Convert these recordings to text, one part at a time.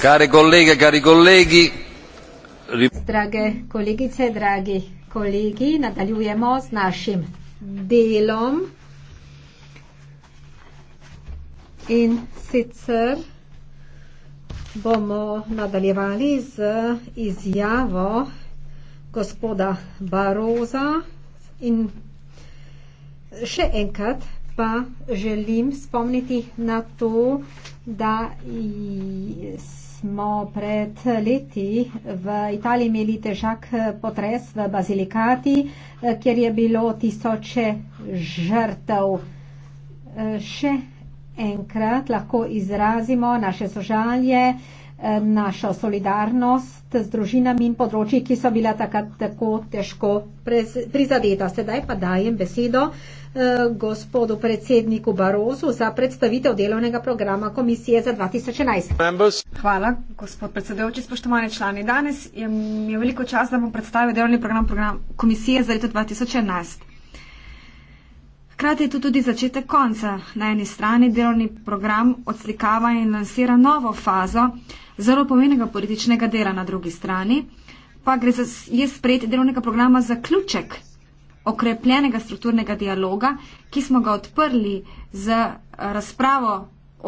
Care colleghe, cari colleghi. Rip- Drage kolegice, dragi kolegi, nadaljujemo z našim delom. In sicer bomo nadaljevali z izjavo gospoda Baroza in še enkrat pa želim spomniti na to, da smo pred leti v Italiji imeli težak potres v bazilikati, eh, kjer je bilo tisoče žrtev. Eh, še enkrat lahko izrazimo naše sožalje, eh, našo solidarnost z družinami in področji, ki so bila takrat tako težko prizadeta. Sedaj pa dajem besedo. Eh, gospodu predsedniku Barozu za predstavitev delovnega programa komisije za 2011. Hvala, gospod predsedujoči, spoštovane člani. Danes je mi veliko čas, da bom predstavil delovni program, program komisije za leto 2011. Hkrati je to tudi začetek konca. Na eni strani delovni program odslikava in lansira novo fazo zelo pomenega političnega dela, na drugi strani pa gre za, je sprejeti delovnega programa za ključek okrepljenega strukturnega dialoga, ki smo ga odprli z razpravo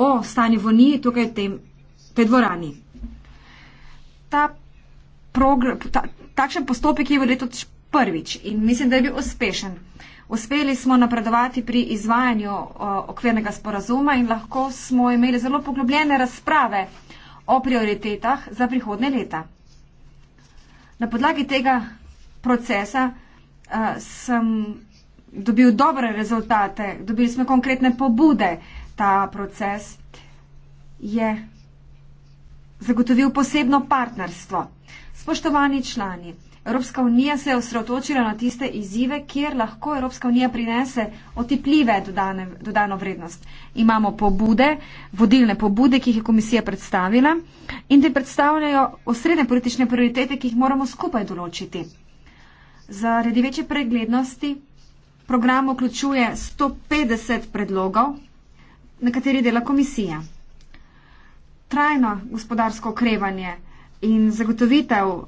o stanju v Uniji tukaj v tem tej dvorani. Ta program, ta, takšen postopek je bil letos prvič in mislim, da je bil uspešen. Uspeli smo napredovati pri izvajanju o, okvirnega sporazuma in lahko smo imeli zelo poglobljene razprave o prioritetah za prihodne leta. Na podlagi tega procesa Eh, sem dobil dobre rezultate, dobili smo konkretne pobude, ta proces je zagotovil posebno partnerstvo. Spoštovani člani, Evropska unija se je osredotočila na tiste izzive, kjer lahko Evropska unija prinese otipljive dodane, dodano vrednost. Imamo pobude, vodilne pobude, ki jih je komisija predstavila in te predstavljajo osrednje politične prioritete, ki jih moramo skupaj določiti. Zaradi večje preglednosti program vključuje 150 predlogov, na kateri dela komisija. Trajno gospodarsko okrevanje in zagotovitev uh,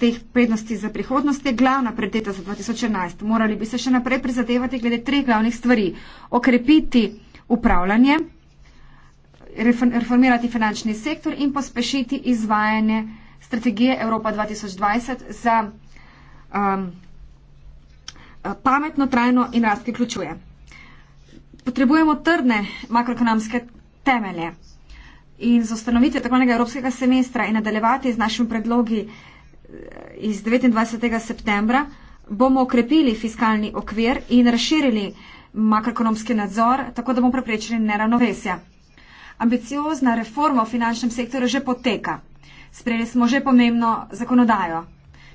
teh prednosti za prihodnost je glavna prioriteta za 2011. Morali bi se še naprej prizadevati glede treh glavnih stvari. Okrepiti upravljanje, reformirati finančni sektor in pospešiti izvajanje strategije Evropa 2020 za um, pametno, trajno in rast, ki vključuje. Potrebujemo trdne makroekonomske temelje in za ustanovitev tako nekega evropskega semestra in nadaljevati z našimi predlogi eh, iz 29. septembra bomo okrepili fiskalni okvir in razširili makroekonomski nadzor, tako da bomo preprečili neravnovesja. Ambiciozna reforma v finančnem sektorju že poteka. Sprejeli smo že pomembno zakonodajo.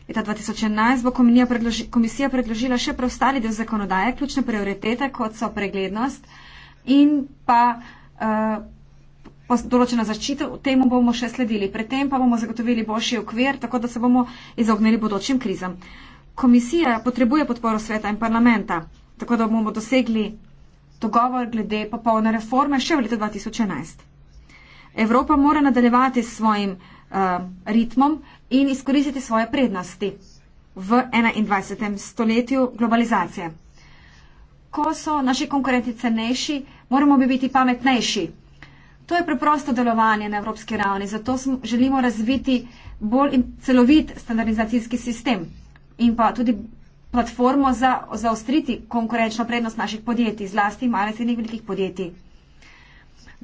Leta 2011 bo komisija, predloži, komisija predložila še preostali del zakonodaje, ključne prioritete, kot so preglednost in pa uh, eh, določena zaščita. Temu bomo še sledili. Predtem pa bomo zagotovili boljši okvir, tako da se bomo izognili bodočim krizam. Komisija potrebuje podporo sveta in parlamenta, tako da bomo dosegli dogovor glede popolne reforme še v letu 2011. Evropa mora nadaljevati s svojim uh, ritmom in izkoristiti svoje prednosti v 21. stoletju globalizacije. Ko so naši konkurenti cenejši, moramo bi biti pametnejši. To je preprosto delovanje na evropski ravni, zato želimo razviti bolj celovit standardizacijski sistem in pa tudi platformo za zaostriti konkurenčno prednost naših podjetij, zlasti malih in velikih podjetij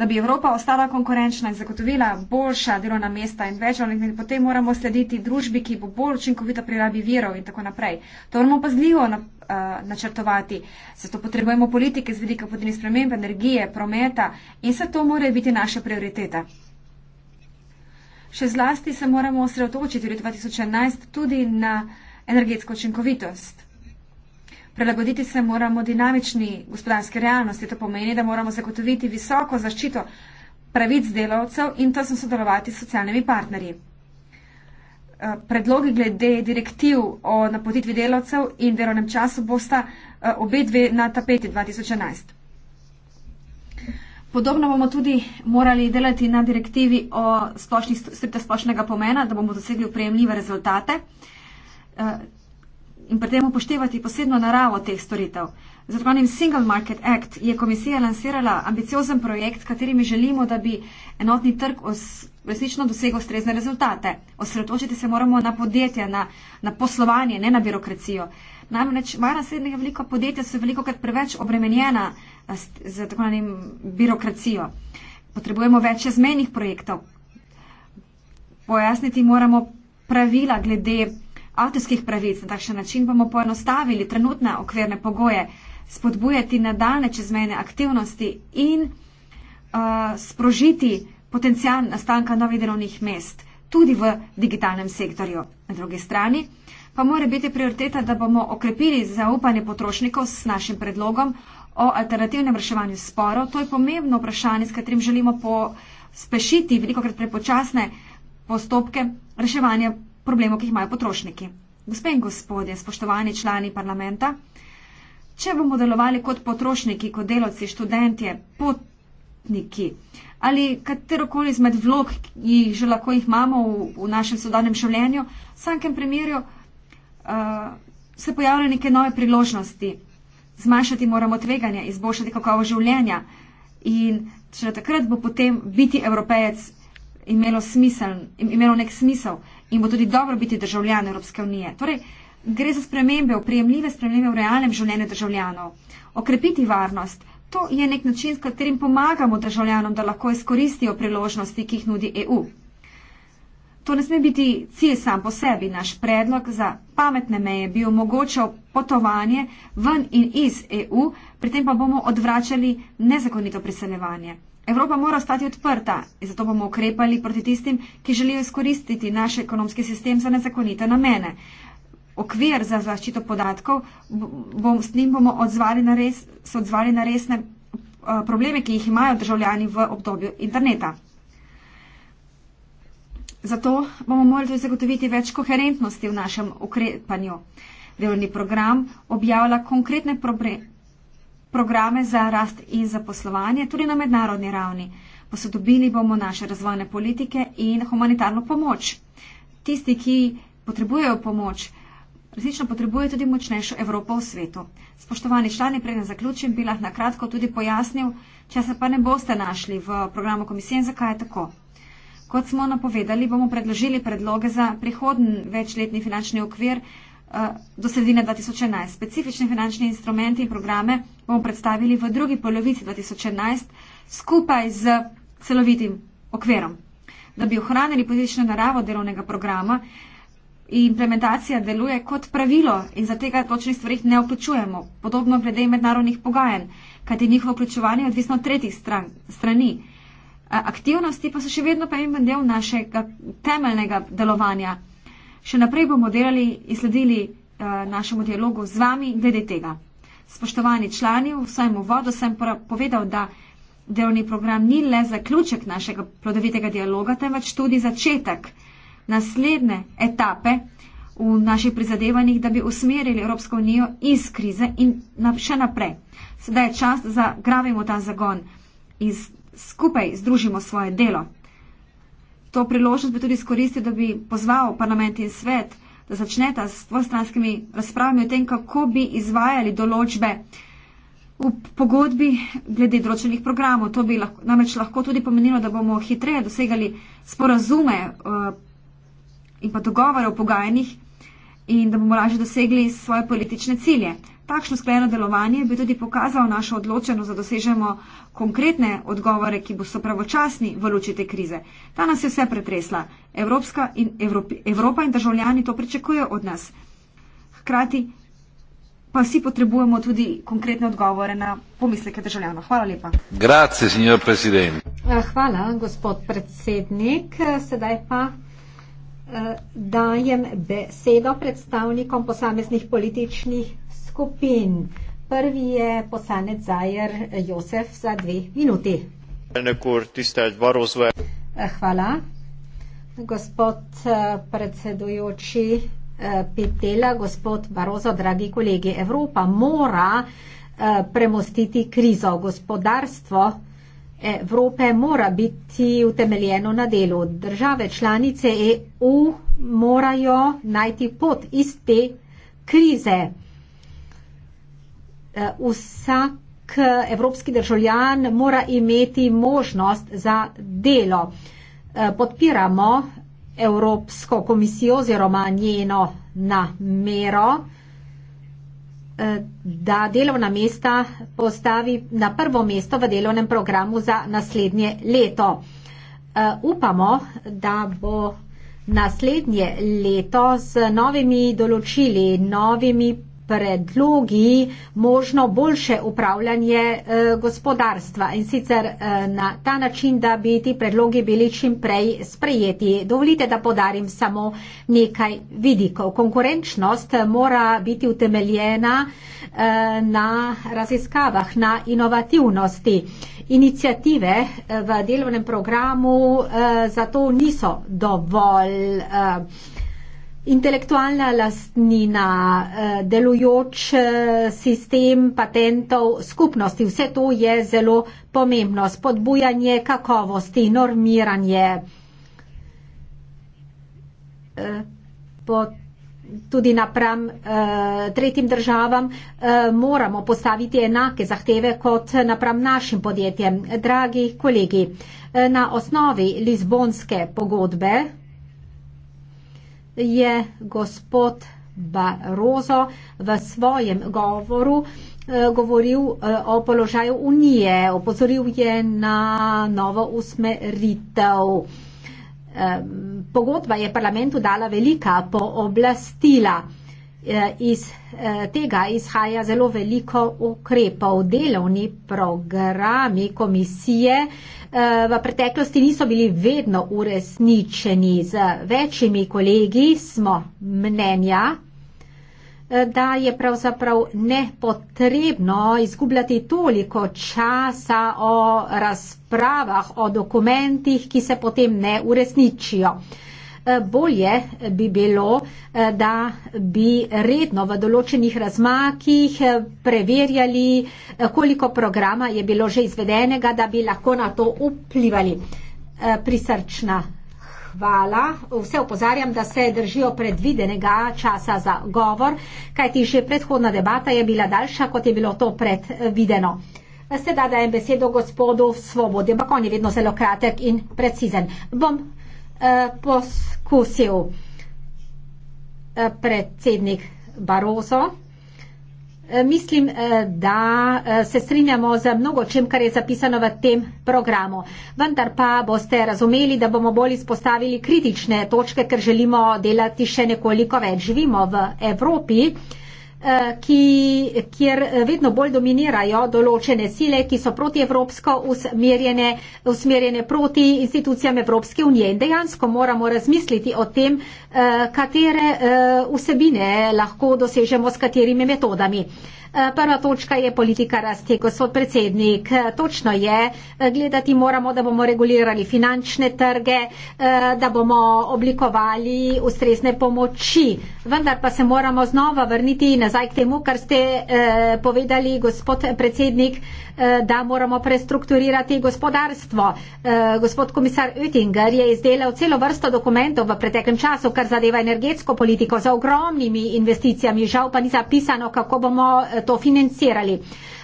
da bi Evropa ostala konkurenčna in zagotovila boljša delovna mesta in več, in potem moramo slediti družbi, ki bo bolj učinkovita pri rabi virov in tako naprej. To moramo pazljivo na, uh, načrtovati. Zato potrebujemo politike z vidika podnebnih sprememb, energije, prometa in vse to mora biti naša prioriteta. Še zlasti se moramo osredotočiti v letu 2011 tudi na energetsko učinkovitost. Prilagoditi se moramo dinamični gospodarski realnosti, to pomeni, da moramo zagotoviti visoko zaščito pravic delavcev in to sem sodelovati s socialnimi partnerji. Eh, predlogi glede direktiv o napotitvi delavcev in delovnem času bosta eh, obe dve na tapeti 2011. Podobno bomo tudi morali delati na direktivi o splošnih, splošnega pomena, da bomo dosegli upremljive rezultate pri tem upoštevati posebno naravo teh storitev. Zakonim Single Market Act je komisija lansirala ambiciozen projekt, katerimi želimo, da bi enotni trg resnično dosegel strezne rezultate. Osredotočiti se moramo na podjetja, na, na poslovanje, ne na birokracijo. Namreč maja naslednjega veliko podjetja so veliko krat preveč obremenjena z, z tako nanim birokracijo. Potrebujemo več zmenih projektov. Pojasniti moramo pravila glede avtorskih pravic, na takšen način bomo poenostavili trenutne okvirne pogoje, spodbujati nadaljne čezmejne aktivnosti in uh, sprožiti potencijal nastanka novih delovnih mest tudi v digitalnem sektorju. Na drugi strani pa mora biti prioriteta, da bomo okrepili zaupanje potrošnikov s našim predlogom o alternativnem reševanju sporov. To je pomembno vprašanje, s katerim želimo pospešiti veliko krat prepočasne postopke reševanja problemov, ki jih imajo potrošniki. Gospe in gospodje, spoštovani člani parlamenta, če bomo delovali kot potrošniki, kot delavci, študentje, potniki ali katerokoli izmed vlog, ki jih že lahko jih imamo v, v našem sodobnem življenju, v vsakem primerju uh, eh, se pojavljajo neke nove priložnosti. Zmanjšati moramo tveganje, izboljšati kakovo življenja in če takrat bo potem biti evropejec imelo, smisel, imelo nek smisel in bo tudi dobro biti državljan Evropske unije. Torej, gre za spremembe, oprijemljive spremembe v realnem življenju državljanov. Okrepiti varnost, to je nek način, s katerim pomagamo državljanom, da lahko izkoristijo priložnosti, ki jih nudi EU. To ne sme biti cilj sam po sebi. Naš predlog za pametne meje bi omogočal potovanje ven in iz EU, pri tem pa bomo odvračali nezakonito priseljevanje. Evropa mora stati odprta in zato bomo ukrepali proti tistim, ki želijo izkoristiti naš ekonomski sistem za nezakonite namene. Okvir za zaščito podatkov, bom, s njim bomo odzvali na, res, odzvali na resne eh, probleme, ki jih imajo državljani v obdobju interneta. Zato bomo morali tudi zagotoviti več koherentnosti v našem ukrepanju. Delovni program objavlja konkretne probleme programe za rast in zaposlovanje, tudi na mednarodni ravni. Posodobili bomo naše razvojne politike in humanitarno pomoč. Tisti, ki potrebujejo pomoč, resnično potrebujejo tudi močnejšo Evropo v svetu. Spoštovani člani, preden zaključim, bi lahko na kratko tudi pojasnil, če se pa ne boste našli v programu komisije in zakaj je tako. Kot smo napovedali, bomo predložili predloge za prihodni večletni finančni okvir Eh, do sredine 2011. Specifične finančne instrumente in programe bomo predstavili v drugi polovici 2011 skupaj z celovitim okverom. Da bi ohranili politično naravo delovnega programa, implementacija deluje kot pravilo in za tega točnih stvarih ne vključujemo. Podobno glede mednarodnih pogajanj, kajti njihovo vključovanje je odvisno od tretjih stran, strani. Eh, aktivnosti pa so še vedno pomemben del našega temeljnega delovanja. Še naprej bomo delali in sledili uh, našemu dialogu z vami glede tega. Spoštovani člani, v svojem uvodu sem povedal, da delovni program ni le zaključek našega plodovitega dialoga, temveč tudi začetek naslednje etape v naših prizadevanjih, da bi usmerili Evropsko unijo iz krize in na, še naprej. Sedaj je čas, da zagravimo ta zagon in skupaj združimo svoje delo to priložnost bi tudi izkoristil, da bi pozval parlament in svet, da začneta s dvostranskimi razpravami o tem, kako bi izvajali določbe v pogodbi glede določenih programov. To bi lahko, namreč lahko tudi pomenilo, da bomo hitreje dosegali sporazume uh, in pa dogovore o pogajanjih in da bomo lažje dosegli svoje politične cilje takšno sklenjeno delovanje bi tudi pokazal našo odločenost, da dosežemo konkretne odgovore, ki bo so pravočasni v luči te krize. Ta nas je vse pretresla. Evropska in Evropi, Evropa in državljani to pričakujejo od nas. Hkrati pa vsi potrebujemo tudi konkretne odgovore na pomisleke državljanov. Hvala lepa. Grazie, signor Presidente. Eh, hvala, gospod predsednik. Sedaj pa eh, dajem besedo predstavnikom posameznih političnih skupin. Prvi je poslanec Zajer Josef za dve minuti. Hvala. Gospod eh, predsedujoči eh, Petela, gospod Barozo, dragi kolegi, Evropa mora eh, premostiti krizo. Gospodarstvo Evrope mora biti utemeljeno na delu. Države članice EU morajo najti pot iz te krize. Eh, vsak eh, evropski državljan mora imeti možnost za delo. Eh, podpiramo Evropsko komisijo oziroma njeno namero, da delovna mesta postavi na prvo mesto v delovnem programu za naslednje leto. Upamo, da bo naslednje leto z novimi določili, novimi predlogi možno boljše upravljanje eh, gospodarstva in sicer eh, na ta način, da bi ti predlogi bili čim prej sprejeti. Dovolite, da podarim samo nekaj vidikov. Konkurenčnost eh, mora biti utemeljena na raziskavah, na inovativnosti. Inicijative v delovnem programu zato niso dovolj Intelektualna lastnina, eh, delujoč eh, sistem patentov skupnosti, vse to je zelo pomembno. Spodbujanje kakovosti, normiranje. Eh, po tudi napram tretjim državam moramo postaviti enake zahteve kot napram našim podjetjem. Dragi kolegi, na osnovi Lizbonske pogodbe je gospod Barozo v svojem govoru eh, govoril eh, o položaju Unije, opozoril je na novo usmeritev. Pogodba je parlamentu dala velika pooblastila. Eh, iz eh, tega izhaja zelo veliko ukrepov. Delovni programi komisije eh, v preteklosti niso bili vedno uresničeni. Z večjimi kolegi smo mnenja, da je pravzaprav nepotrebno izgubljati toliko časa o razpravah, o dokumentih, ki se potem ne uresničijo. Eh, bolje eh, bi bilo, eh, da bi redno v določenih razmakih preverjali, koliko programa je bilo že izvedenega, da bi lahko na to vplivali. Prisrčna hvala. Vse opozarjam, da se držijo predvidenega časa za govor, kajti že predhodna debata je bila daljša, kot je bilo to predvideno. Sedaj dajem besedo gospodu Svobodi, ampak on je vedno zelo kratek in precizen. Bom poskusil eh, predsednik Barozo. Eh, mislim, eh, da se strinjamo za mnogo čem, kar je zapisano v tem programu. Vendar pa boste razumeli, da bomo bolj izpostavili kritične točke, ker želimo delati še nekoliko več. Živimo v Evropi, Eh, ki, kjer vedno bolj dominirajo določene sile, ki so protievropsko usmerjene, usmerjene proti institucijam Evropske unije. In dejansko moramo razmisliti o tem, eh, katere eh, vsebine lahko dosežemo s katerimi metodami. Eh, prva točka je politika rasti, gospod predsednik. Eh, točno je, eh, gledati moramo, da bomo regulirali finančne trge, da bomo oblikovali ustrezne pomoči. Vendar pa se moramo znova vrniti nazaj k temu, kar ste povedali, gospod predsednik, da moramo prestrukturirati gospodarstvo. Gospod komisar Oettinger je izdelal celo vrsto dokumentov v preteklem času, kar zadeva energetsko politiko za ogromnimi investicijami. Žal pa ni zapisano, kako bomo to financirali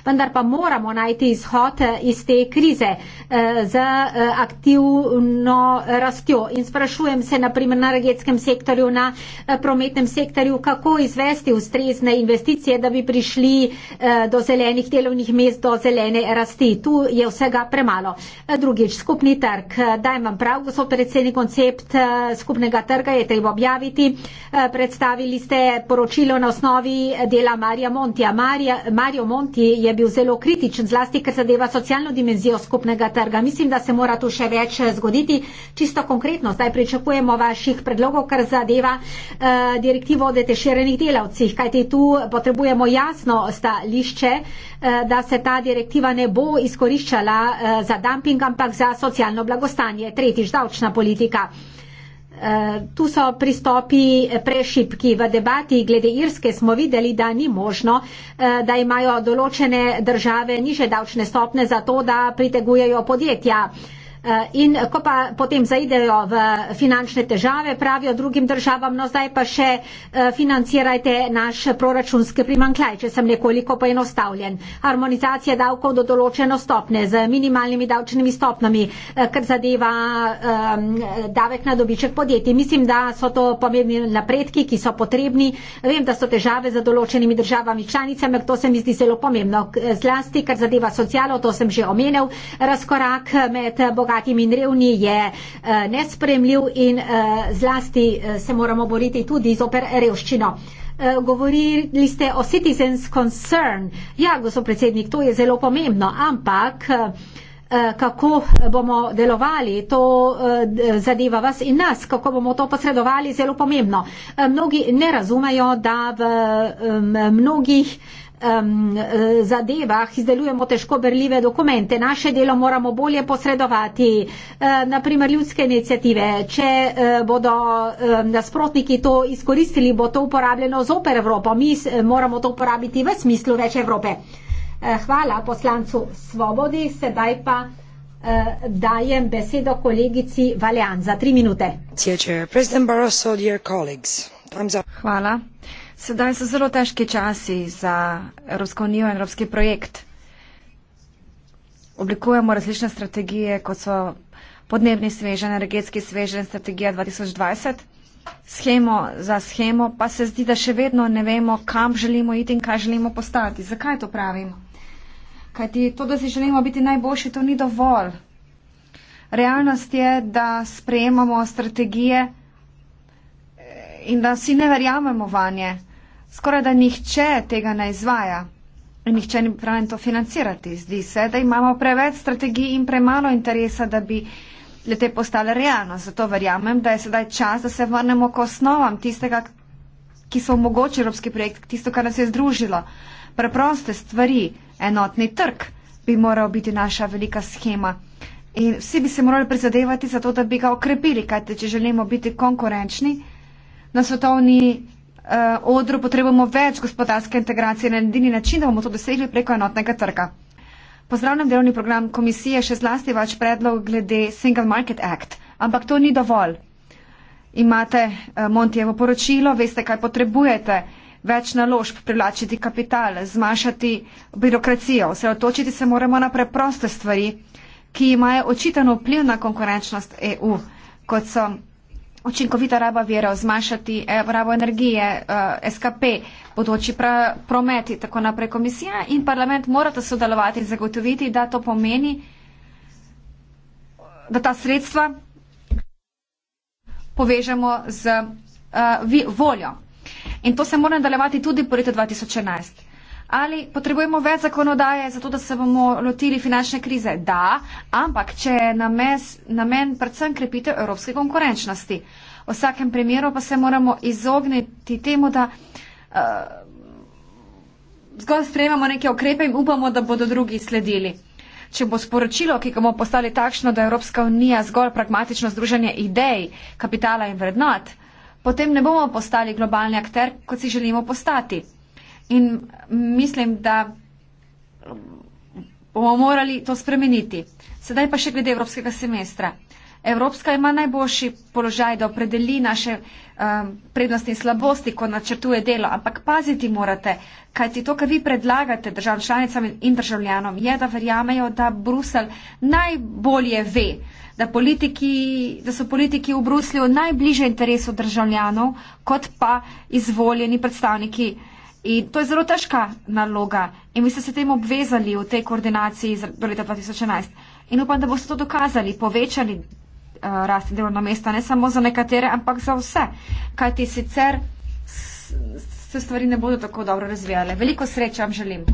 vendar pa moramo najti izhod eh, iz te krize eh, z eh, aktivno rastjo. In sprašujem se naprimer na energetskem sektorju, na prometnem sektorju, kako izvesti ustrezne investicije, da bi prišli do zelenih delovnih mest, do zelene rasti. Tu je vsega premalo. Drugič, skupni trg. Dajem vam prav, gospod predsednik, koncept skupnega trga je treba objaviti. Predstavili ste poročilo na osnovi dela Marija Montija. Marija, Marijo Monti je bil zelo kritičen, zlasti ker zadeva socialno dimenzijo skupnega trga. Mislim, da se mora tu še več eh, zgoditi. Čisto konkretno, zdaj pričakujemo vaših predlogov, kar zadeva uh, direktivo o deteširenih delavcih, kajti tu potrebujemo jasno stališče, uh, da se ta direktiva ne bo izkoriščala uh, za dumping, ampak za socialno blagostanje. Tretjič, davčna politika. Eh, tu so pristopi eh, prešipki. V debati glede Irske smo videli, da ni možno, eh, da imajo določene države niže davčne stopne za to, da pritegujejo podjetja. Eh, in ko pa potem zaidejo v finančne težave, pravijo drugim državam, no zdaj pa še eh, financirajte naš proračunski primankljaj, če sem nekoliko poenostavljen. Harmonizacija davkov do določeno stopne z minimalnimi davčnimi stopnami, eh, kar zadeva um, davek na dobiček podjetij. Mislim, da so to pomembni napredki, ki so potrebni. Vem, da so težave za določenimi državami članicami, ampak to se mi zdi zelo pomembno. Zlasti, kar zadeva socialo, to sem že omenil, razkorak med bogatstvom bogatim in revni je eh, nespremljiv in eh, zlasti eh, se moramo boriti tudi z oper revščino. Govorili ste o citizens concern. Ja, gospod predsednik, to je zelo pomembno, ampak kako bomo delovali, to zadeva vas in nas, kako bomo to posredovali, zelo pomembno. Mnogi ne razumejo, da v mnogih um, zadevah izdelujemo težko berljive dokumente. Naše delo moramo bolje posredovati, uh, naprimer ljudske inicijative. Če uh, bodo um, nasprotniki to izkoristili, bo to uporabljeno zoper Evropo. Mi uh, moramo to uporabiti v smislu več Evrope. Uh, hvala poslancu Svobodi. Sedaj pa. Uh, dajem besedo kolegici Valjan za tri minute. Hvala. Uh, Sedaj so zelo težki časi za Evropsko unijo in Evropski projekt. Oblikujemo različne strategije, kot so podnebni svežen, energetski svežen, strategija 2020. Schemo za schemo pa se zdi, da še vedno ne vemo, kam želimo iti in kaj želimo postati. Zakaj to pravimo? Kaj ti to, da si želimo biti najboljši, to ni dovolj. Realnost je, da sprejemamo strategije eh, in da si ne verjamemo vanje skoraj da nihče tega ne izvaja. Nihče ni pripravljen to financirati. Zdi se, da imamo preveč strategij in premalo interesa, da bi te postale realno. Zato verjamem, da je sedaj čas, da se vrnemo k osnovam tistega, ki so omogočili evropski projekt, tisto, kar nas je združilo. Preproste stvari, enotni trg bi moral biti naša velika schema. In vsi bi se morali prizadevati za to, da bi ga okrepili, kajte če želimo biti konkurenčni na svetovni uh, odru potrebujemo več gospodarske integracije na edini način, da bomo to dosegli preko enotnega trga. Pozdravljam delovni program komisije, še zlasti vaš predlog glede Single Market Act, ampak to ni dovolj. Imate uh, Montijevo poročilo, veste, kaj potrebujete, več naložb, privlačiti kapital, zmanjšati birokracijo, osredotočiti se moramo na preproste stvari, ki imajo očitano vpliv na konkurenčnost EU, kot so učinkovita raba virov, zmanjšati eh, rabo energije, eh, SKP, bodoči pra, prometi, tako naprej komisija in parlament morata sodelovati in zagotoviti, da to pomeni, da ta sredstva povežemo z uh, voljo. In to se mora nadaljevati tudi po letu 2011. Ali potrebujemo več zakonodaje za to, da se bomo lotili finančne krize? Da, ampak če je namen predvsem krepitev evropske konkurenčnosti. V vsakem primeru pa se moramo izogniti temu, da uh, zgolj sprejemamo neke okrepe in upamo, da bodo drugi sledili. Če bo sporočilo, ki ga bomo postali takšno, da je Evropska unija zgolj pragmatično združenje idej, kapitala in vrednot, potem ne bomo postali globalni akter, kot si želimo postati. In mislim, da bomo morali to spremeniti. Sedaj pa še glede evropskega semestra. Evropska ima najboljši položaj, da opredeli naše um, prednosti in slabosti, ko načrtuje delo, ampak paziti morate, kajti to, kar vi predlagate državam članicam in državljanom, je, da verjamejo, da Brusel najbolje ve, da, politiki, da so politiki v Bruslju najbliže interesu državljanov, kot pa izvoljeni predstavniki. In to je zelo težka naloga in vi ste se tem obvezali v tej koordinaciji do leta 2011. In upam, da boste to dokazali, povečali uh, rast delovno mesta, ne samo za nekatere, ampak za vse. Kaj ti sicer se stvari ne bodo tako dobro razvijale. Veliko sreče vam želim.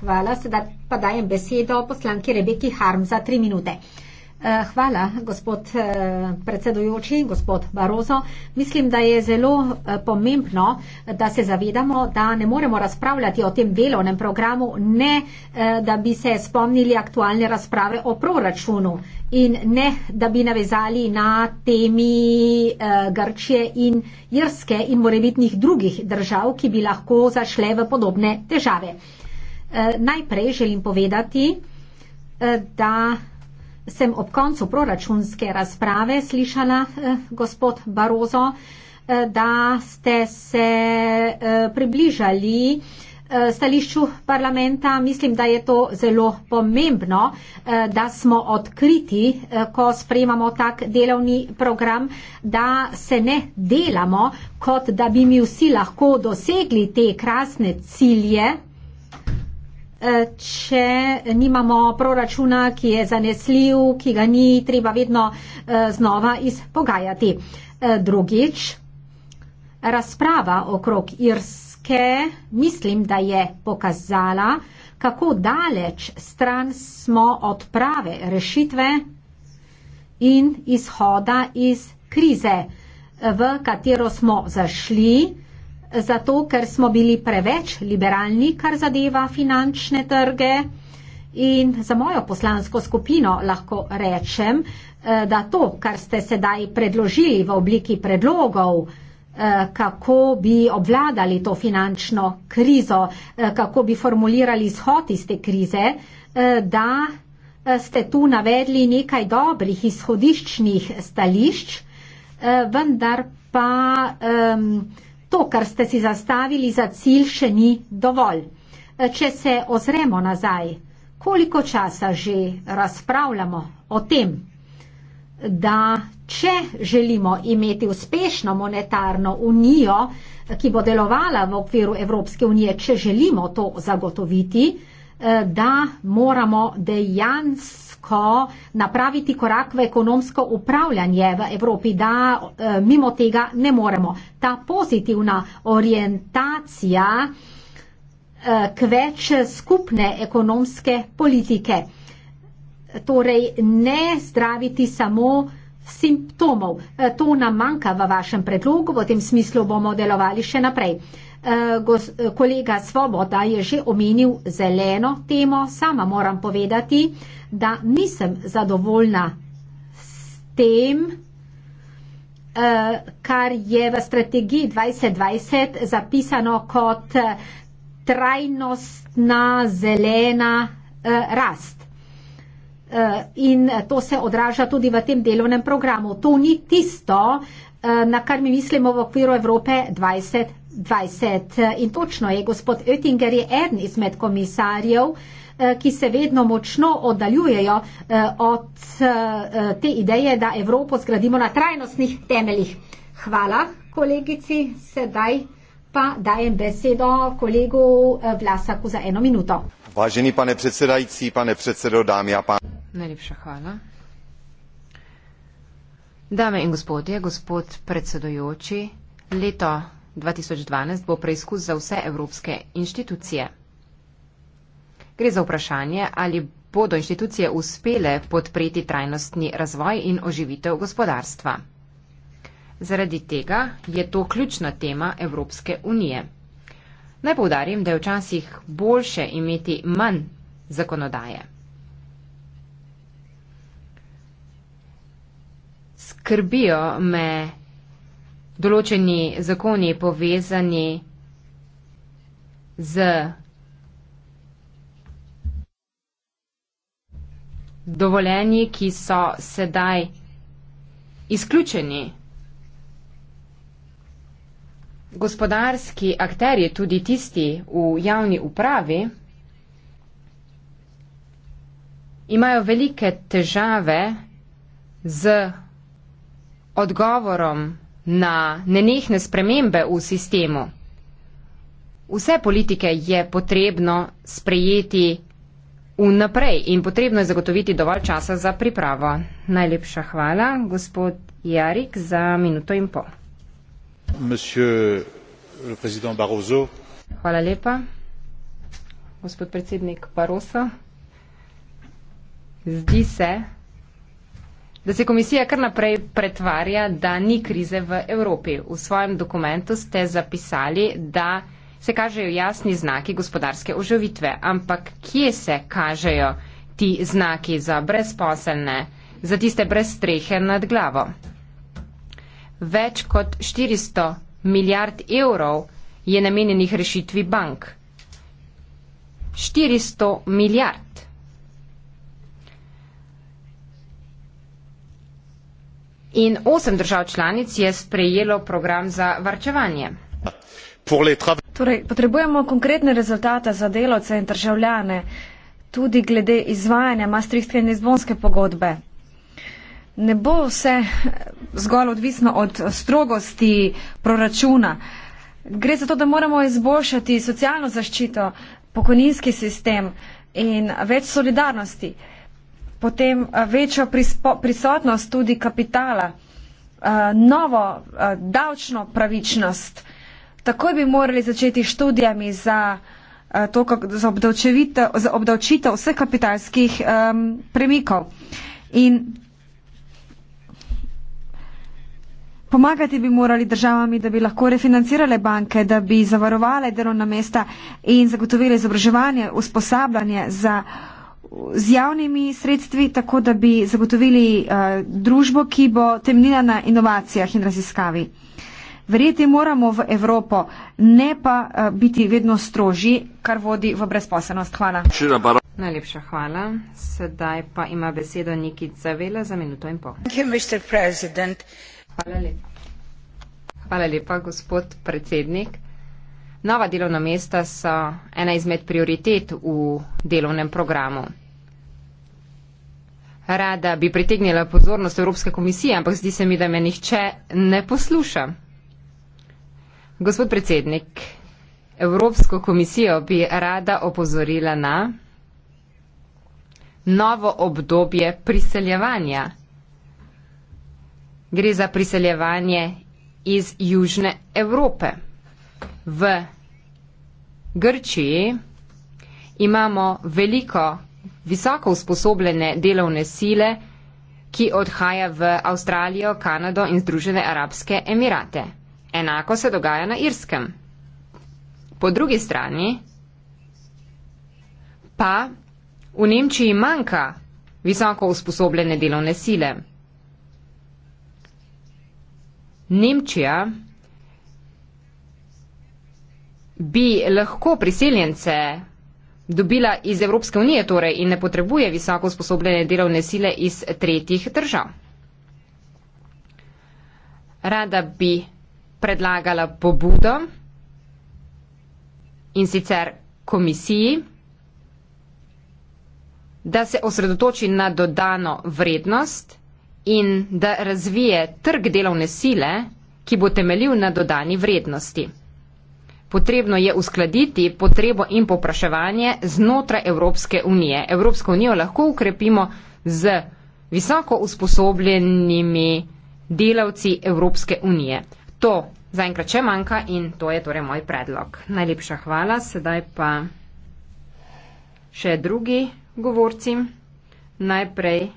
Hvala, sedaj pa dajem besedo poslanki Rebeki Harm za tri minute. Uh, Eh, hvala, gospod eh, predsedujoči, gospod Barozo. Mislim, da je zelo eh, pomembno, da se zavedamo, da ne moremo razpravljati o tem delovnem programu, ne da bi se spomnili aktualne razprave o proračunu in ne da bi navezali na temi Grčije in Irske in morebitnih drugih držav, ki bi lahko zašle v podobne težave. Najprej želim povedati, da sem ob koncu proračunske razprave slišala, eh, gospod Barozo, eh, da ste se eh, približali stališču parlamenta. Mislim, da je to zelo pomembno, da smo odkriti, ko sprejemamo tak delovni program, da se ne delamo, kot da bi mi vsi lahko dosegli te krasne cilje, če nimamo proračuna, ki je zanesljiv, ki ga ni treba vedno eh, znova izpogajati. Eh, drugič, razprava okrog Irske mislim, da je pokazala, kako daleč stran smo od prave rešitve in izhoda iz krize, v katero smo zašli zato ker smo bili preveč liberalni, kar zadeva finančne trge. In za mojo poslansko skupino lahko rečem, eh, da to, kar ste sedaj predložili v obliki predlogov, eh, kako bi obvladali to finančno krizo, eh, kako bi formulirali izhod iz te krize, da ste tu navedli nekaj dobrih izhodiščnih stališč, vendar pa. Um, to, kar ste si zastavili za cilj, še ni dovolj. E, če se ozremo nazaj, koliko časa že razpravljamo o tem, da če želimo imeti uspešno monetarno unijo, ki bo delovala v okviru Evropske unije, če želimo to zagotoviti, e, da moramo dejansko dejansko napraviti korak v ekonomsko upravljanje v Evropi, da eh, mimo tega ne moremo. Ta pozitivna orientacija eh, k več skupne ekonomske politike. Torej ne zdraviti samo simptomov. Eh, to nam manjka v vašem predlogu, v tem smislu bomo delovali še naprej. Eh, gos, eh, kolega Svoboda je že omenil zeleno temo. Sama moram povedati, da nisem zadovoljna s tem, eh, kar je v strategiji 2020 zapisano kot trajnostna zelena rast. In to se odraža tudi v tem delovnem programu. To ni tisto, na kar mi mislimo v okviru Evrope 2020. 20. In točno je, gospod Oettinger je eden izmed komisarjev, eh, ki se vedno močno oddaljujejo eh, od eh, te ideje, da Evropo zgradimo na trajnostnih temeljih. Hvala, kolegici. Sedaj pa dajem besedo kolegu Vlasaku za eno minuto. Vážený pane predsedajúci, pane predsedo, dámy a páni. Najlepša hvala. Dame in gospodje, gospod predsedujoči, leto 2012 bo preizkus za vse evropske inštitucije. Gre za vprašanje, ali bodo inštitucije uspele podpreti trajnostni razvoj in oživitev gospodarstva. Zaradi tega je to ključna tema Evropske unije. Naj povdarim, da je včasih boljše imeti manj zakonodaje. Skrbijo me določeni zakoni povezani z dovoljenji, ki so sedaj izključeni. Gospodarski akterji, tudi tisti v javni upravi, imajo velike težave z odgovorom na nenehne spremembe v sistemu. Vse politike je potrebno sprejeti vnaprej in potrebno je zagotoviti dovolj časa za pripravo. Najlepša hvala, gospod Jarik, za minuto in pol. Hvala lepa, gospod predsednik Barroso. Zdi se, da se komisija kar naprej pretvarja, da ni krize v Evropi. V svojem dokumentu ste zapisali, da se kažejo jasni znaki gospodarske oživitve, ampak kje se kažejo ti znaki za brezposelne, za tiste brez strehe nad glavo? Več kot 400 milijard evrov je namenjenih rešitvi bank. 400 milijard. In osem držav članic je sprejelo program za varčevanje. Torej, potrebujemo konkretne rezultate za delovce in državljane, tudi glede izvajanja Maastrichtske in Lizbonske pogodbe. Ne bo vse eh, zgolj odvisno od eh, strogosti proračuna. Gre za to, da moramo izboljšati socialno zaščito, pokojninski sistem in več solidarnosti potem eh, večjo prisotnost tudi kapitala, eh, novo eh, davčno pravičnost. Takoj bi morali začeti študijami za, to, za, za obdavčitev vseh kapitalskih um, premikov. In pomagati bi morali državami, da bi lahko refinancirale banke, da bi zavarovale delovna mesta in zagotovile izobraževanje, usposabljanje za z javnimi sredstvi, tako da bi zagotovili uh, družbo, ki bo temnila na inovacijah in raziskavi. Verjeti moramo v Evropo, ne pa uh, biti vedno stroži, kar vodi v brezposelnost. Hvala. Najlepša hvala. Sedaj pa ima besedo Nikica Vela za minuto in pol. Hvala lepa. Hvala lepa, gospod predsednik. Nova delovna mesta so ena izmed prioritet v delovnem programu. Rada bi pritegnila pozornost Evropske komisije, ampak zdi se mi, da me nihče ne posluša. Gospod predsednik, Evropsko komisijo bi rada opozorila na novo obdobje priseljevanja. Gre za priseljevanje iz Južne Evrope v Grčiji imamo veliko visoko usposobljene delovne sile, ki odhaja v Avstralijo, Kanado in Združene arabske emirate. Enako se dogaja na Irskem. Po drugi strani pa v Nemčiji manjka visoko usposobljene delovne sile. Nemčija bi lahko priseljence dobila iz Evropske unije torej in ne potrebuje visoko usposobljene delovne sile iz tretjih držav. Rada bi predlagala pobudo in sicer komisiji, da se osredotoči na dodano vrednost in da razvije trg delovne sile, ki bo temeljil na dodani vrednosti. Potrebno je uskladiti potrebo in popraševanje znotraj Evropske unije. Evropsko unijo lahko ukrepimo z visoko usposobljenimi delavci Evropske unije. To zaenkrat še manjka in to je torej moj predlog. Najlepša hvala, sedaj pa še drugi govorci. Najprej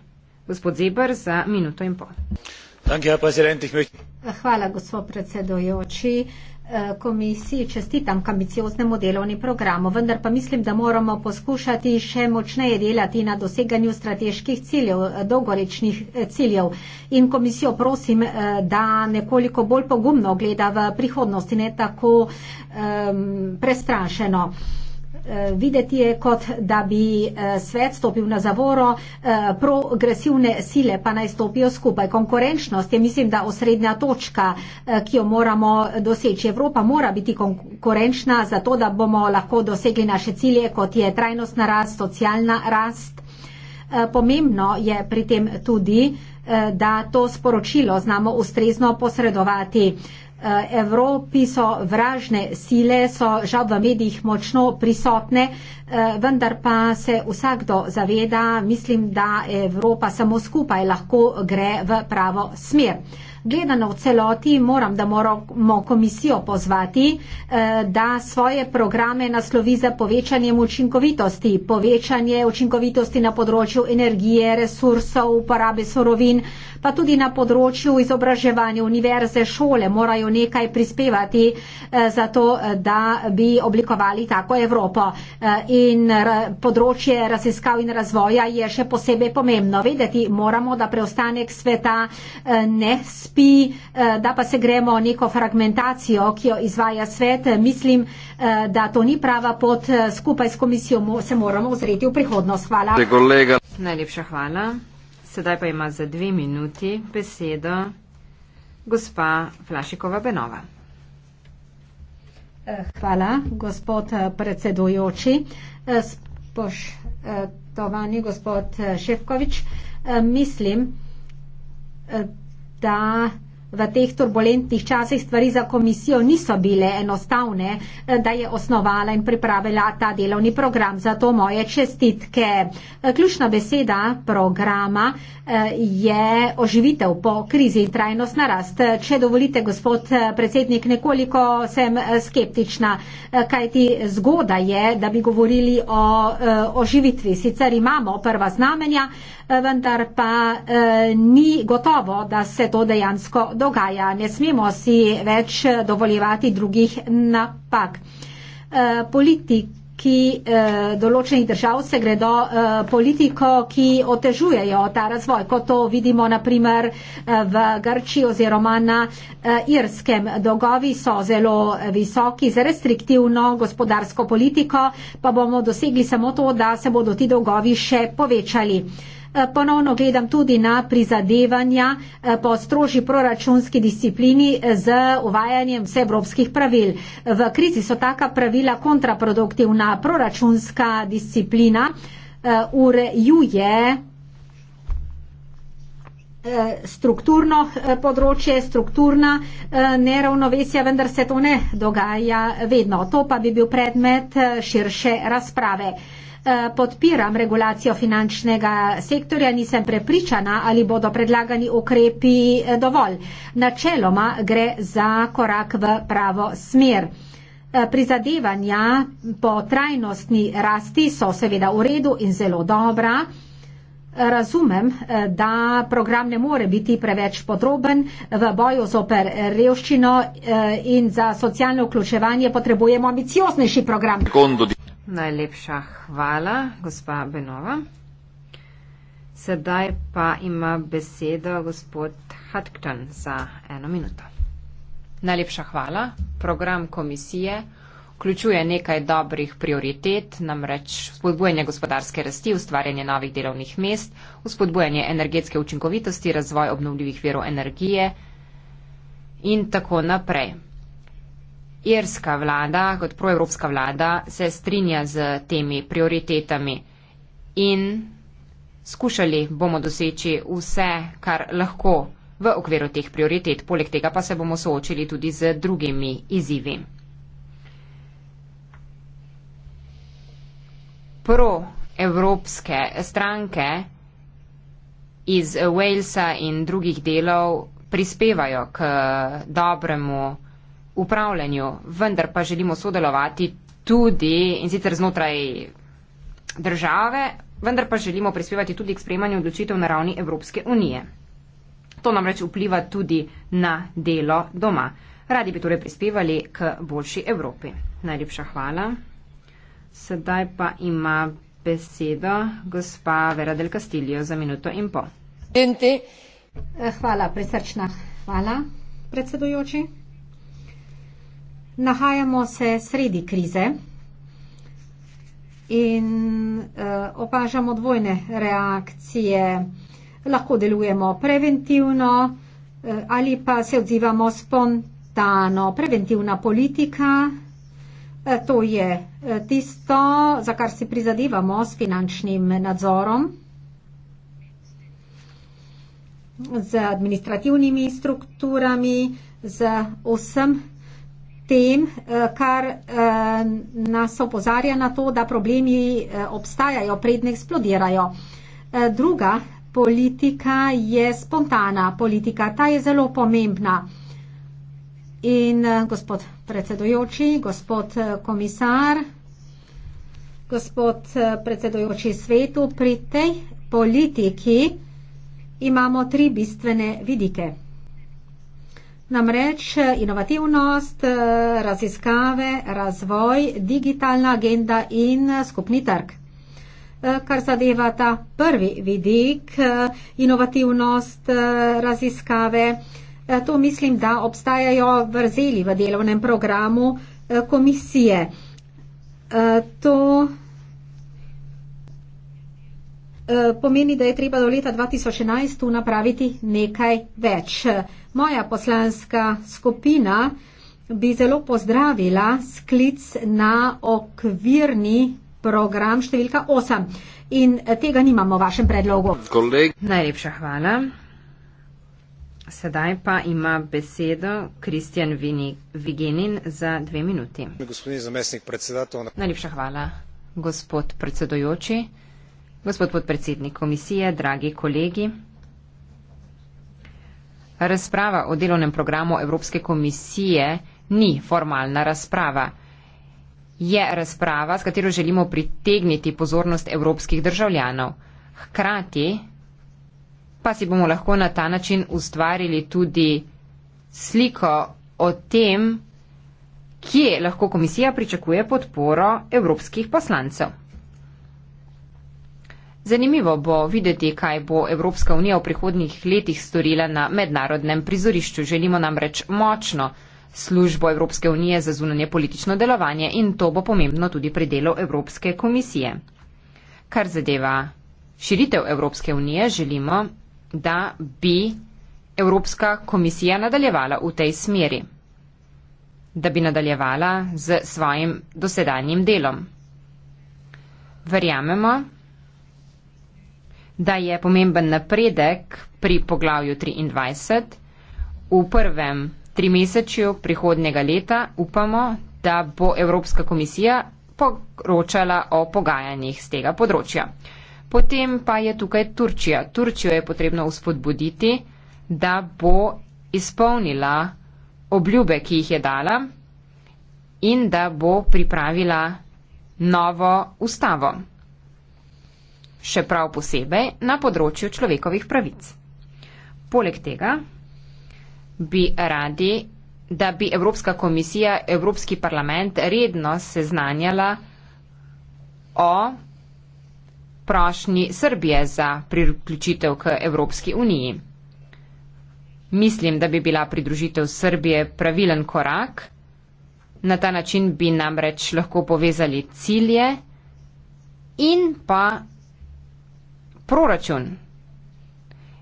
gospod Zeber za minuto in pol. Hvala, gospod predsedojoči. Eh, komisiji čestitam k ambicioznemu delovni programu, vendar pa mislim, da moramo poskušati še močneje delati na doseganju strateških ciljev, eh, dolgoročnih eh, ciljev. In komisijo prosim, da nekoliko bolj pogumno gleda v prihodnosti, ne tako um, prestrašeno. Uh, Eh, videti je, kot da bi eh, svet stopil na zavoro eh, progresivne sile, pa naj stopijo skupaj. Konkurenčnost je, mislim, da osrednja točka, ki jo moramo doseči. Evropa mora biti konkurenčna za to, da bomo lahko dosegli naše cilje, kot je trajnostna rast, socialna rast. Pomembno je pri tem tudi, da to sporočilo znamo ustrezno posredovati. Eh, Evropi so vražne sile, so žal v medijih močno prisotne, eh, vendar pa se vsakdo zaveda, mislim, da Evropa samo skupaj lahko gre v pravo smer gledano v celoti, moram, da moramo komisijo pozvati, eh, da svoje programe naslovi za povečanjem učinkovitosti, povečanje učinkovitosti na področju energije, resursov, uporabe sorovin, pa tudi na področju izobraževanja univerze, šole morajo nekaj prispevati eh, za to, eh, da bi oblikovali tako Evropo. In področje raziskav in razvoja je še posebej pomembno. Vedeti moramo, da preostanek sveta ne spremlja spi, eh, da pa se gremo neko fragmentacijo, ki jo izvaja svet, mislim, eh, da to ni prava pot. Eh, skupaj s komisijo se moramo ozreti v prihodnost. Hvala. Najlepša hvala. Sedaj pa ima za dve minuti besedo gospa Flašikova Benova. Hvala, gospod predsedujoči. Spoštovani gospod Šefkovič, mislim, da v teh turbulentnih časih stvari za komisijo niso bile enostavne, eh, da je osnovala in pripravila ta delovni program. Zato moje čestitke. Eh, ključna beseda programa eh, je oživitev po krizi in trajnost narast. Če dovolite, gospod predsednik, nekoliko sem skeptična, kaj ti zgoda je, da bi govorili o oživitvi. Sicer imamo prva znamenja, vendar pa eh, ni gotovo, da se to dejansko dogaja. Ne smemo si več dovoljevati drugih napak. Eh, politiki eh, določenih držav se gredo politiko, ki otežujejo ta razvoj, kot to vidimo naprimer v Grčiji oziroma na Irskem. Dogovi so zelo visoki za restriktivno gospodarsko politiko, pa bomo dosegli samo to, da se bodo ti dogovi še povečali. Eh, ponovno gledam tudi na prizadevanja eh, po stroži proračunski disciplini eh, z uvajanjem vseevropskih pravil. V krizi so taka pravila kontraproduktivna. Proračunska disciplina urejuje strukturno področje, strukturna neravnovesja, vendar se to ne dogaja vedno. To pa bi bil predmet širše razprave. Eh, podpiram regulacijo finančnega sektorja, nisem prepričana, ali bodo predlagani ukrepi eh, dovolj. Načeloma gre za korak v pravo smer. Eh, prizadevanja po trajnostni rasti so seveda v redu in zelo dobra. Razumem, da program ne more biti preveč podroben v boju zoper revščino in za socialno vključevanje potrebujemo ambicioznejši program. Kondodi. Najlepša hvala, gospa Benova. Sedaj pa ima besedo gospod Hatkton za eno minuto. Najlepša hvala. Program komisije vključuje nekaj dobrih prioritet, namreč spodbujanje gospodarske rasti, ustvarjanje novih delovnih mest, spodbujanje energetske učinkovitosti, razvoj obnovljivih verov energije in tako naprej irska vlada, kot proevropska vlada, se strinja z temi prioritetami in skušali bomo doseči vse, kar lahko v okviru teh prioritet. Poleg tega pa se bomo soočili tudi z drugimi izzivi. Proevropske stranke iz Walesa in drugih delov prispevajo k dobremu upravljanju, vendar pa želimo sodelovati tudi in sicer znotraj države, vendar pa želimo prispevati tudi k sprejemanju odločitev na ravni Evropske unije. To namreč vpliva tudi na delo doma. Radi bi torej prispevali k boljši Evropi. Najlepša hvala. Sedaj pa ima besedo gospa Vera del Castillo za minuto in pol. Eh, hvala, prisrčna. Hvala, predsedujoči. Nahajamo se sredi krize in eh, opažamo dvojne reakcije. Lahko delujemo preventivno eh, ali pa se odzivamo spontano. Preventivna politika, eh, to je tisto, za kar si prizadevamo s finančnim nadzorom. Z administrativnimi strukturami, z vsem tem, eh, kar eh, nas opozarja na to, da problemi eh, obstajajo, predne eksplodirajo. Druga politika je spontana politika, ta je zelo pomembna. In gospod predsedojoči, gospod komisar, gospod predsedojoči svetu, pri tej politiki imamo tri bistvene vidike. Namreč inovativnost, raziskave, razvoj, digitalna agenda in skupni trg. Kar zadeva ta prvi vidik, inovativnost, raziskave, to mislim, da obstajajo vrzeli v delovnem programu komisije. To pomeni, da je treba do leta 2011 tu napraviti nekaj več. Moja poslanska skupina bi zelo pozdravila sklic na okvirni program številka 8 in eh, tega nimamo v vašem predlogu. Koleg. Najlepša hvala. Sedaj pa ima besedo Kristjan Viginin za dve minuti. Najlepša hvala, gospod predsedojoči, gospod podpredsednik komisije, dragi kolegi. Razprava o delovnem programu Evropske komisije ni formalna razprava. Je razprava, s katero želimo pritegniti pozornost evropskih državljanov. Hkrati pa si bomo lahko na ta način ustvarili tudi sliko o tem, kje lahko komisija pričakuje podporo evropskih poslancev. Zanimivo bo videti, kaj bo Evropska unija v prihodnjih letih storila na mednarodnem prizorišču. Želimo namreč močno službo Evropske unije za zunanje politično delovanje in to bo pomembno tudi pri delu Evropske komisije. Kar zadeva širitev Evropske unije, želimo, da bi Evropska komisija nadaljevala v tej smeri, da bi nadaljevala z svojim dosedanjim delom. Verjamemo, da je pomemben napredek pri poglavju 23. V prvem trimesečju prihodnega leta upamo, da bo Evropska komisija poročala o pogajanjih z tega področja. Potem pa je tukaj Turčija. Turčijo je potrebno uspodbuditi, da bo izpolnila obljube, ki jih je dala in da bo pripravila novo ustavo še prav posebej na področju človekovih pravic. Poleg tega bi radi, da bi Evropska komisija, Evropski parlament redno seznanjala o prošnji Srbije za priključitev k Evropski uniji. Mislim, da bi bila pridružitev Srbije pravilen korak. Na ta način bi namreč lahko povezali cilje in pa proračun.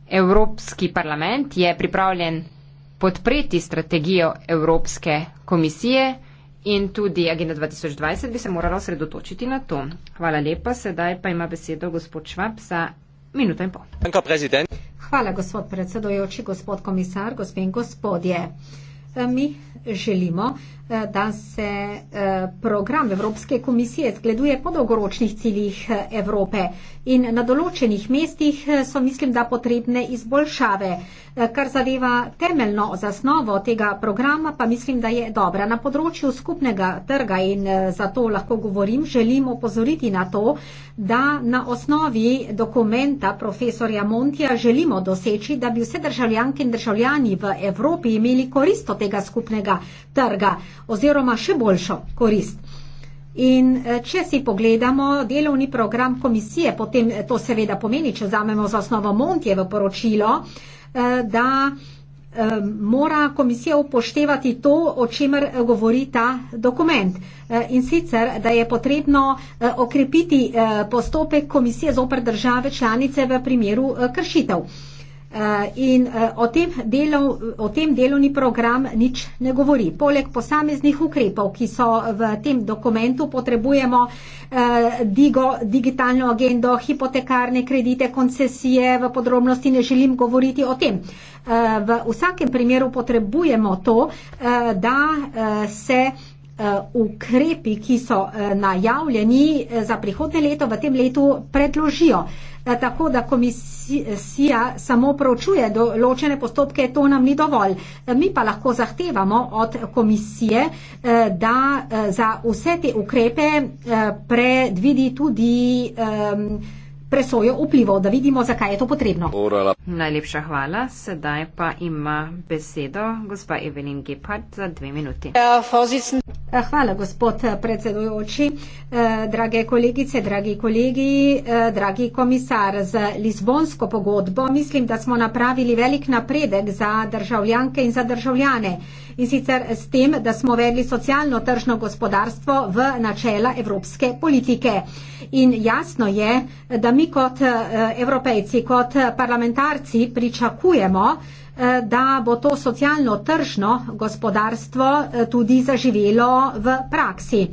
Evropski parlament je pripravljen podpreti strategijo Evropske komisije in tudi Agenda 2020 bi se morala osredotočiti na to. Hvala lepa, sedaj pa ima besedo gospod Švab za minuto in pol. Hvala, gospod predsedojoči, gospod komisar, gospe in gospodje. Mi želimo, Eh, da se eh, program Evropske komisije zgleduje po dolgoročnih ciljih eh, Evrope in na določenih mestih so mislim, da potrebne izboljšave. Kar zadeva temeljno zasnovo tega programa, pa mislim, da je dobra. Na področju skupnega trga in zato lahko govorim, želim opozoriti na to, da na osnovi dokumenta profesorja Montija želimo doseči, da bi vse državljanke in državljani v Evropi imeli koristo tega skupnega trga oziroma še boljšo korist. In eh, če si pogledamo delovni program komisije, potem eh, to seveda pomeni, če vzamemo za osnovo Montje v poročilo, eh, da mora komisija upoštevati to, o čemer govori ta dokument. In sicer, da je potrebno okrepiti postopek komisije zoper države članice v primeru kršitev. Eh, in eh, o tem, delov, o tem delovni program nič ne govori. Poleg posameznih ukrepov, ki so v tem dokumentu, potrebujemo eh, digo, digitalno agendo, hipotekarne kredite, koncesije, v podrobnosti ne želim govoriti o tem. V vsakem primeru potrebujemo to, da se Eh, ukrepi, ki so eh, najavljeni eh, za prihodne leto, v tem letu predložijo. Tako da komisija samo pravčuje določene postopke, to nam ni dovolj. Mi pa lahko zahtevamo od komisije, da za vse te ukrepe predvidi tudi um, presojo vplivov, da vidimo, zakaj je to potrebno. Orala. Najlepša hvala. Sedaj pa ima besedo gospa Evelin Gephardt za dve minuti. Ja, eh, hvala, gospod eh, predsedujoči, eh, drage kolegice, dragi kolegi, dragi komisar. Z Lizbonsko pogodbo mislim, da smo napravili velik napredek za državljanke in za državljane in sicer s tem, da smo vedli socialno tržno gospodarstvo v načela evropske politike. In jasno je, da mi kot eh, evropejci, kot parlamentarci pričakujemo, eh, da bo to socialno tržno gospodarstvo eh, tudi zaživelo v praksi.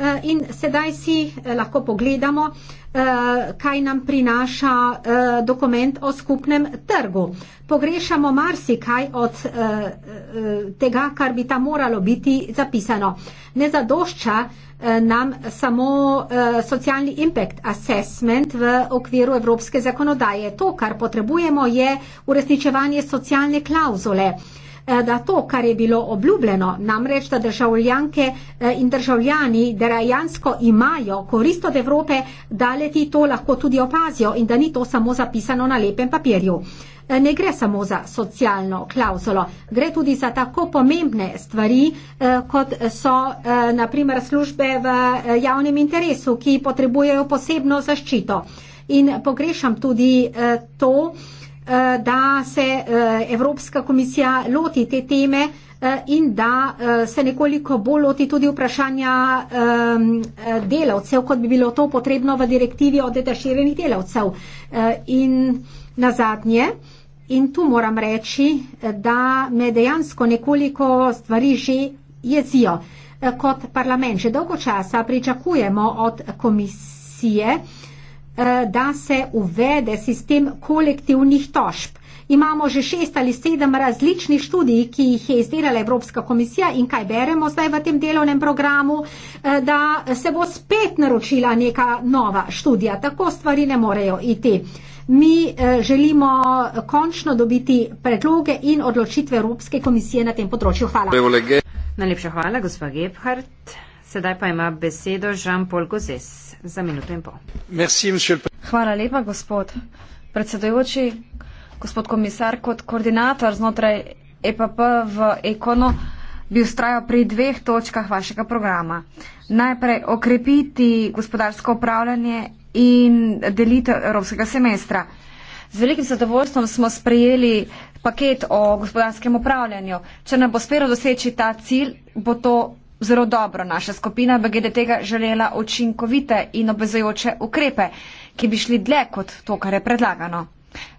Eh, in sedaj si eh, lahko pogledamo, eh, kaj nam prinaša dokument o skupnem trgu. Pogrešamo marsikaj od tega, kar bi tam moralo biti zapisano. Ne zadošča nam samo socialni impact assessment v okviru evropske zakonodaje. To, kar potrebujemo, je uresničevanje socialne klauzule. Eh, da to, kar je bilo obljubljeno, namreč, da državljanke eh, in državljani dejansko imajo korist od Evrope, da leti to lahko tudi opazijo in da ni to samo zapisano na lepem papirju. Eh, ne gre samo za socialno klauzulo, gre tudi za tako pomembne stvari, kot so naprimer službe v javnem interesu, ki potrebujejo posebno zaščito. In pogrešam tudi to, Eh, da se eh, Evropska komisija loti te teme eh, in da se nekoliko bolj loti tudi vprašanja delavcev, kot bi bilo to potrebno v direktivi o detaširjenih delavcev. In na zadnje, in tu moram reči, da me dejansko nekoliko stvari že jezijo. Kot parlament že dolgo časa pričakujemo od komisije, Eh, da se uvede sistem kolektivnih tožb. Imamo že šest ali sedem različnih študij, ki jih je izdelala Evropska komisija in kaj beremo zdaj v tem delovnem programu, eh, da se bo spet naročila neka nova študija. Tako stvari ne morejo iti. Mi eh, želimo končno dobiti predloge in odločitve Evropske komisije na tem področju. Hvala. Najlepša hvala, gospa Gebhardt. Sedaj pa ima besedo Žan-Pol Gozes za minuto in pol. Merci, Hvala lepa, gospod predsedujoči, gospod komisar, kot koordinator znotraj EPP v Ekono bi ustrajal pri dveh točkah vašega programa. Najprej okrepiti gospodarsko upravljanje in delitev evropskega semestra. Z velikim zadovoljstvom smo sprejeli paket o gospodarskem upravljanju. Če nam bo spero doseči ta cilj, bo to zelo dobro. Naša skupina bi glede tega želela učinkovite in obvezajoče ukrepe, ki bi šli dlje kot to, kar je predlagano.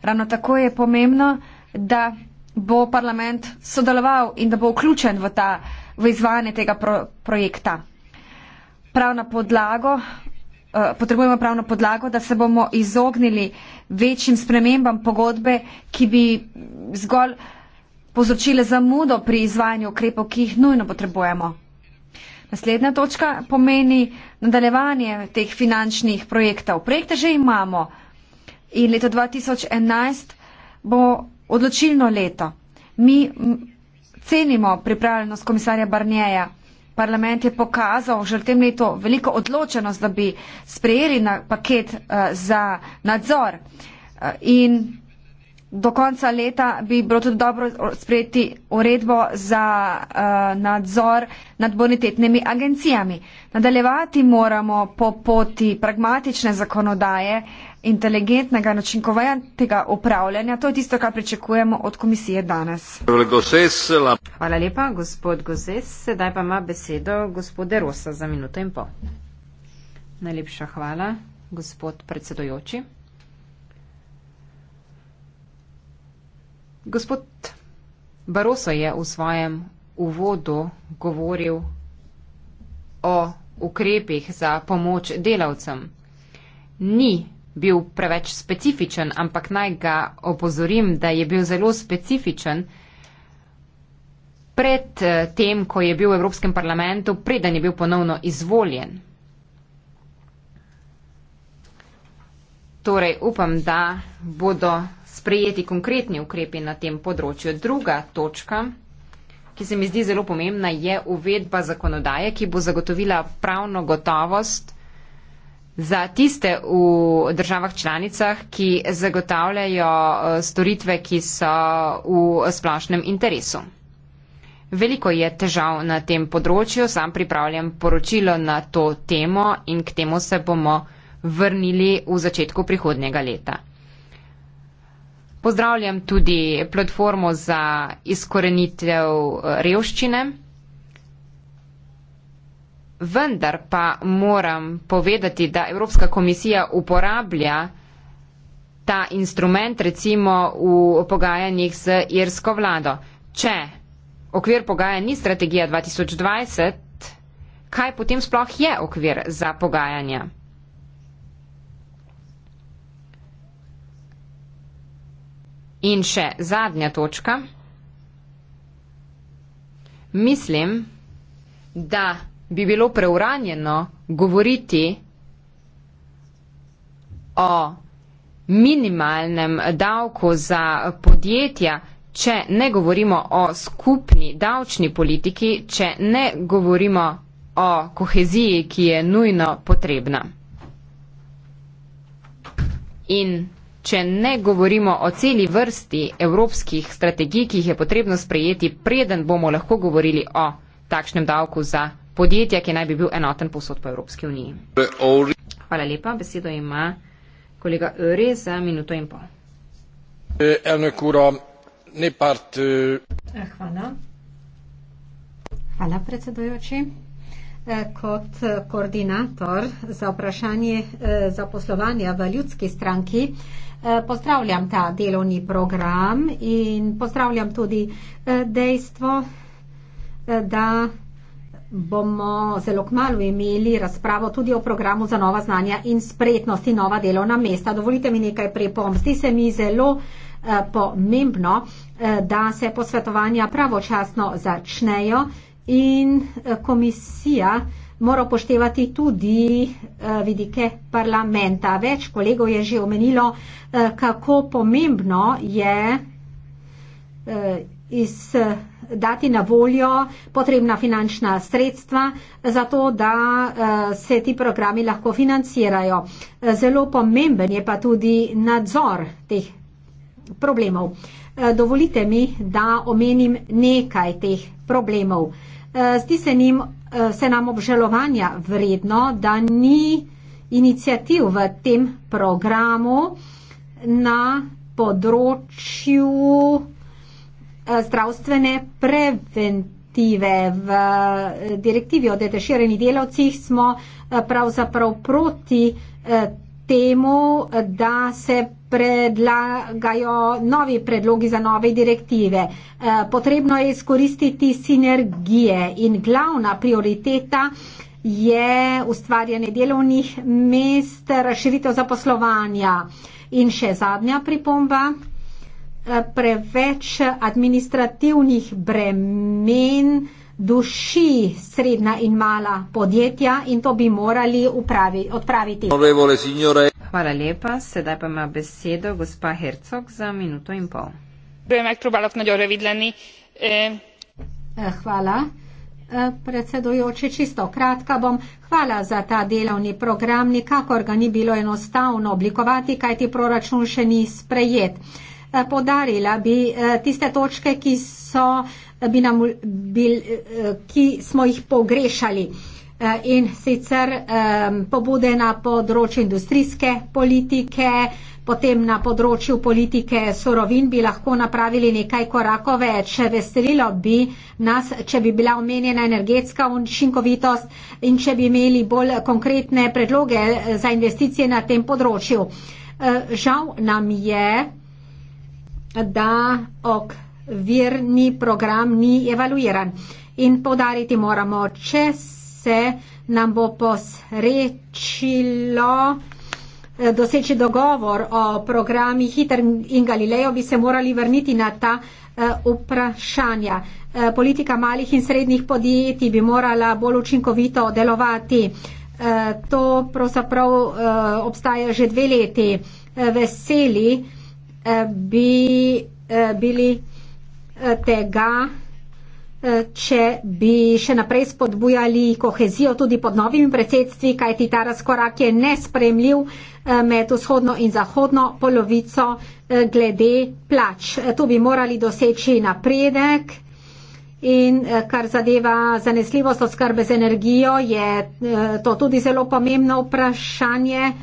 Ravno tako je pomembno, da bo parlament sodeloval in da bo vključen v, ta, v izvajanje tega pro, projekta. Pravno podlago. Eh, potrebujemo pravno podlago, da se bomo izognili večjim spremembam pogodbe, ki bi zgolj povzročile zamudo pri izvajanju ukrepov, ki jih nujno potrebujemo. Naslednja točka pomeni nadaljevanje teh finančnih projektov. Projekte že imamo in leto 2011 bo odločilno leto. Mi cenimo pripravljenost komisarja Barnjeja. Parlament je pokazal že v tem letu veliko odločenost, da bi sprejeli na paket uh, za nadzor. Uh, in do konca leta bi bilo tudi dobro sprejeti uredbo za uh, nadzor nad bonitetnimi agencijami. Nadaljevati moramo po poti pragmatične zakonodaje, inteligentnega in učinkovitega upravljanja. To je tisto, kar pričakujemo od komisije danes. Hvala lepa, gospod Gozes. Sedaj pa ima besedo gospod Derosa za minuto in pol. Najlepša hvala, gospod predsedojoči. Gospod Baroso je v svojem uvodu govoril o ukrepih za pomoč delavcem. Ni bil preveč specifičen, ampak naj ga opozorim, da je bil zelo specifičen pred eh, tem, ko je bil v Evropskem parlamentu, preden je bil ponovno izvoljen. Torej, upam, da bodo sprejeti konkretni ukrepi na tem področju. Druga točka, ki se mi zdi zelo pomembna, je uvedba zakonodaje, ki bo zagotovila pravno gotovost za tiste v državah članicah, ki zagotavljajo e, storitve, ki so v splošnem interesu. Veliko je težav na tem področju, sam pripravljam poročilo na to temo in k temu se bomo vrnili v začetku prihodnjega leta. Pozdravljam tudi platformo za izkorenitev eh, revščine. Vendar pa moram povedati, da Evropska komisija uporablja ta instrument recimo v pogajanjih z irsko vlado. Če okvir pogajanj ni strategija 2020, kaj potem sploh je okvir za pogajanja? In še zadnja točka. Mislim, da bi bilo preuranjeno govoriti o minimalnem davku za podjetja, če ne govorimo o skupni davčni politiki, če ne govorimo o koheziji, ki je nujno potrebna. In če ne govorimo o celi vrsti evropskih strategij, ki jih je potrebno sprejeti, preden bomo lahko govorili o takšnem davku za podjetja, ki naj bi bil enoten posod po Evropski uniji. Hvala lepa, besedo ima kolega Öri za minuto in pol. Hvala. Hvala, predsedujoči. E, kot e, koordinator za vprašanje e, zaposlovanja v ljudski stranki Eh, pozdravljam ta delovni program in pozdravljam tudi eh, dejstvo, eh, da bomo zelo kmalo imeli razpravo tudi o programu za nova znanja in spretnosti nova delovna mesta. Dovolite mi nekaj prepom. Zdi se mi zelo pomembno, da se posvetovanja pravočasno začnejo in komisija mora upoštevati tudi eh, vidike parlamenta. Več kolegov je že omenilo, eh, kako pomembno je eh, iz dati na voljo potrebna finančna sredstva za to, da se ti programi lahko financirajo. Zelo pomemben je pa tudi nadzor teh problemov. Dovolite mi, da omenim nekaj teh problemov. Zdi se njim se nam obžalovanja vredno, da ni inicijativ v tem programu na področju eh, zdravstvene preventive. V eh, direktivi o deteširani delavcih smo eh, pravzaprav proti temu, da se predlagajo novi predlogi za nove direktive. Eh, potrebno je izkoristiti sinergije in glavna prioriteta je ustvarjanje delovnih mest, razširitev zaposlovanja. In še zadnja pripomba, eh, preveč administrativnih bremen duši srednja in mala podjetja in to bi morali upravi, odpraviti. Hvala lepa, sedaj pa ima besedo gospa Hercog za minuto in pol. E, eh, hvala. Eh, predsedujoči, čisto kratka bom. Hvala za ta delovni program. Nikakor ga ni bilo enostavno oblikovati, kajti proračun še ni sprejet. Eh, podarila bi tiste točke, ki so bi nam bil, eh, ki smo jih pogrešali. Eh, in sicer pobude na področju industrijske politike, potem na področju politike surovin bi lahko napravili nekaj korakov več. Veselilo bi nas, če bi bila omenjena energetska učinkovitost in če bi imeli bolj konkretne predloge eh, za investicije na tem področju. Žal nam je, da ok virni program ni evaluiran. In povdariti moramo, če se nam bo posrečilo eh, doseči dogovor o programih Hiter in Galilejo, bi se morali vrniti na ta eh, vprašanja. Eh, politika malih in srednjih podjetij bi morala bolj učinkovito delovati. To pravzaprav obstaja že dve leti. Veseli bi bili tega, eh, če bi še naprej spodbujali kohezijo tudi pod novimi predsedstvi, kajti ta razkorak je nespremljiv eh, med vzhodno in zahodno polovico eh, glede plač. Tu bi morali doseči napredek in kar zadeva zanesljivost oskrbe z energijo, je to tudi zelo pomembno vprašanje.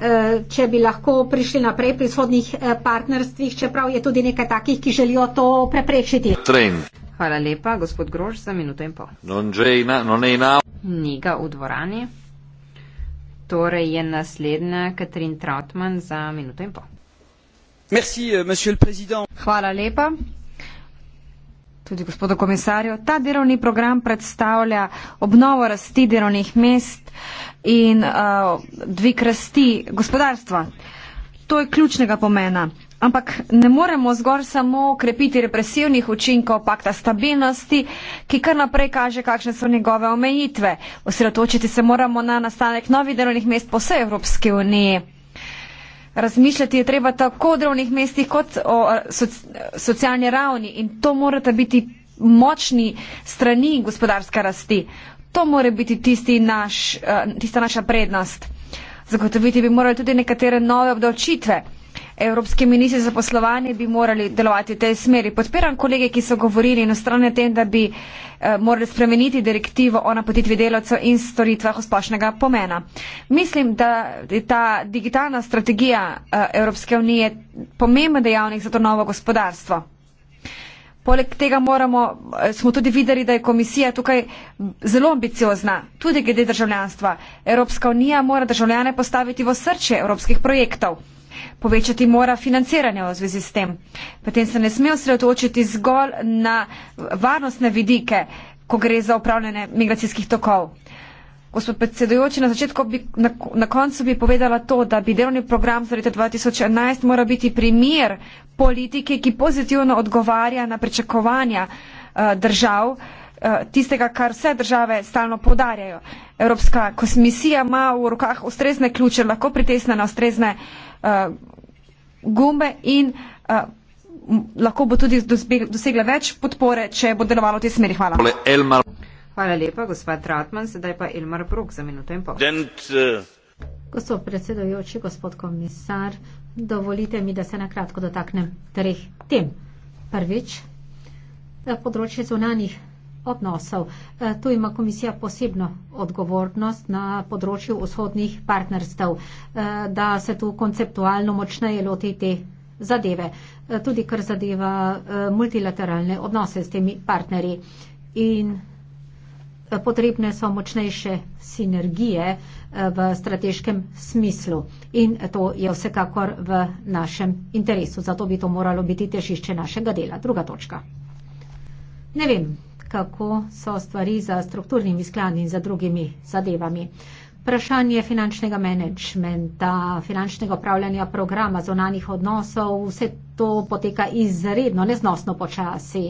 Eh, če bi lahko prišli naprej pri shodnih eh, partnerstvih, čeprav je tudi nekaj takih, ki želijo to preprečiti. Trend. Hvala lepa, gospod Grož, za minuto in pol. Njega v dvorani. Torej je naslednja Katrin Trautmann za minuto in pol. Merci, euh, Hvala lepa. Tudi gospodu komisarju. Ta delovni program predstavlja obnovo rasti delovnih mest in uh, dvig rasti gospodarstva. To je ključnega pomena. Ampak ne moremo zgor samo krepiti represivnih učinkov pakta stabilnosti, ki kar naprej kaže, kakšne so njegove omejitve. Osredotočiti se moramo na nastanek novih delovnih mest po vsej Evropski uniji. Razmišljati je treba tako o delovnih mestih kot o uh, soc socialni ravni in to morata biti močni strani gospodarske rasti to mora biti tisti naš, eh, tista naša prednost. Zagotoviti bi morali tudi nekatere nove obdavčitve. Evropski ministri za poslovanje bi morali delovati v tej smeri. Podpiram kolege, ki so govorili in ostrane tem, da bi eh, morali spremeniti direktivo o napotitvi delavcev in storitvah uspešnega pomena. Mislim, da je ta digitalna strategija eh, Evropske unije pomemben dejavnik za to novo gospodarstvo. Poleg tega moramo, eh, smo tudi videli, da je komisija tukaj zelo ambiciozna, tudi glede državljanstva. Evropska unija mora državljane postaviti v srce evropskih projektov. Povečati mora financiranje v zvezi s tem. Potem se ne sme osredotočiti zgolj na varnostne vidike, ko gre za upravljanje migracijskih tokov. Gospod predsedujoči, na začetku bi, na, na koncu bi povedala to, da bi delovni program za leto 2011 mora biti primer politiki, ki pozitivno odgovarja na pričakovanja eh, držav, eh, tistega, kar vse države stalno podarjajo. Evropska komisija ima v rokah ustrezne ključe, lahko pritesne na ustrezne eh, gumbe in lahko bo tudi dosegla več podpore, če bo delovalo v tej smeri. Hvala. Hvala lepa, gospod Tratman. Sedaj pa Elmar Brok za minuto in pol. Gospod predsedujoči, gospod komisar, dovolite mi, da se nakratko dotaknem treh tem. Prvič, eh, področje zunanih odnosov. Eh, tu ima komisija posebno odgovornost na področju vzhodnih partnerstv, eh, da se tu konceptualno močneje loti te zadeve, tudi kar zadeva multilateralne odnose s temi partnerji. In potrebne so močnejše sinergije eh, v strateškem smislu in to je vsekakor v našem interesu. Zato bi to moralo biti težišče našega dela. Druga točka. Ne vem, kako so stvari za strukturnimi skladi in za drugimi zadevami. Vprašanje finančnega menedžmenta, finančnega upravljanja programa zonanih odnosov, vse to poteka izredno neznosno počasi.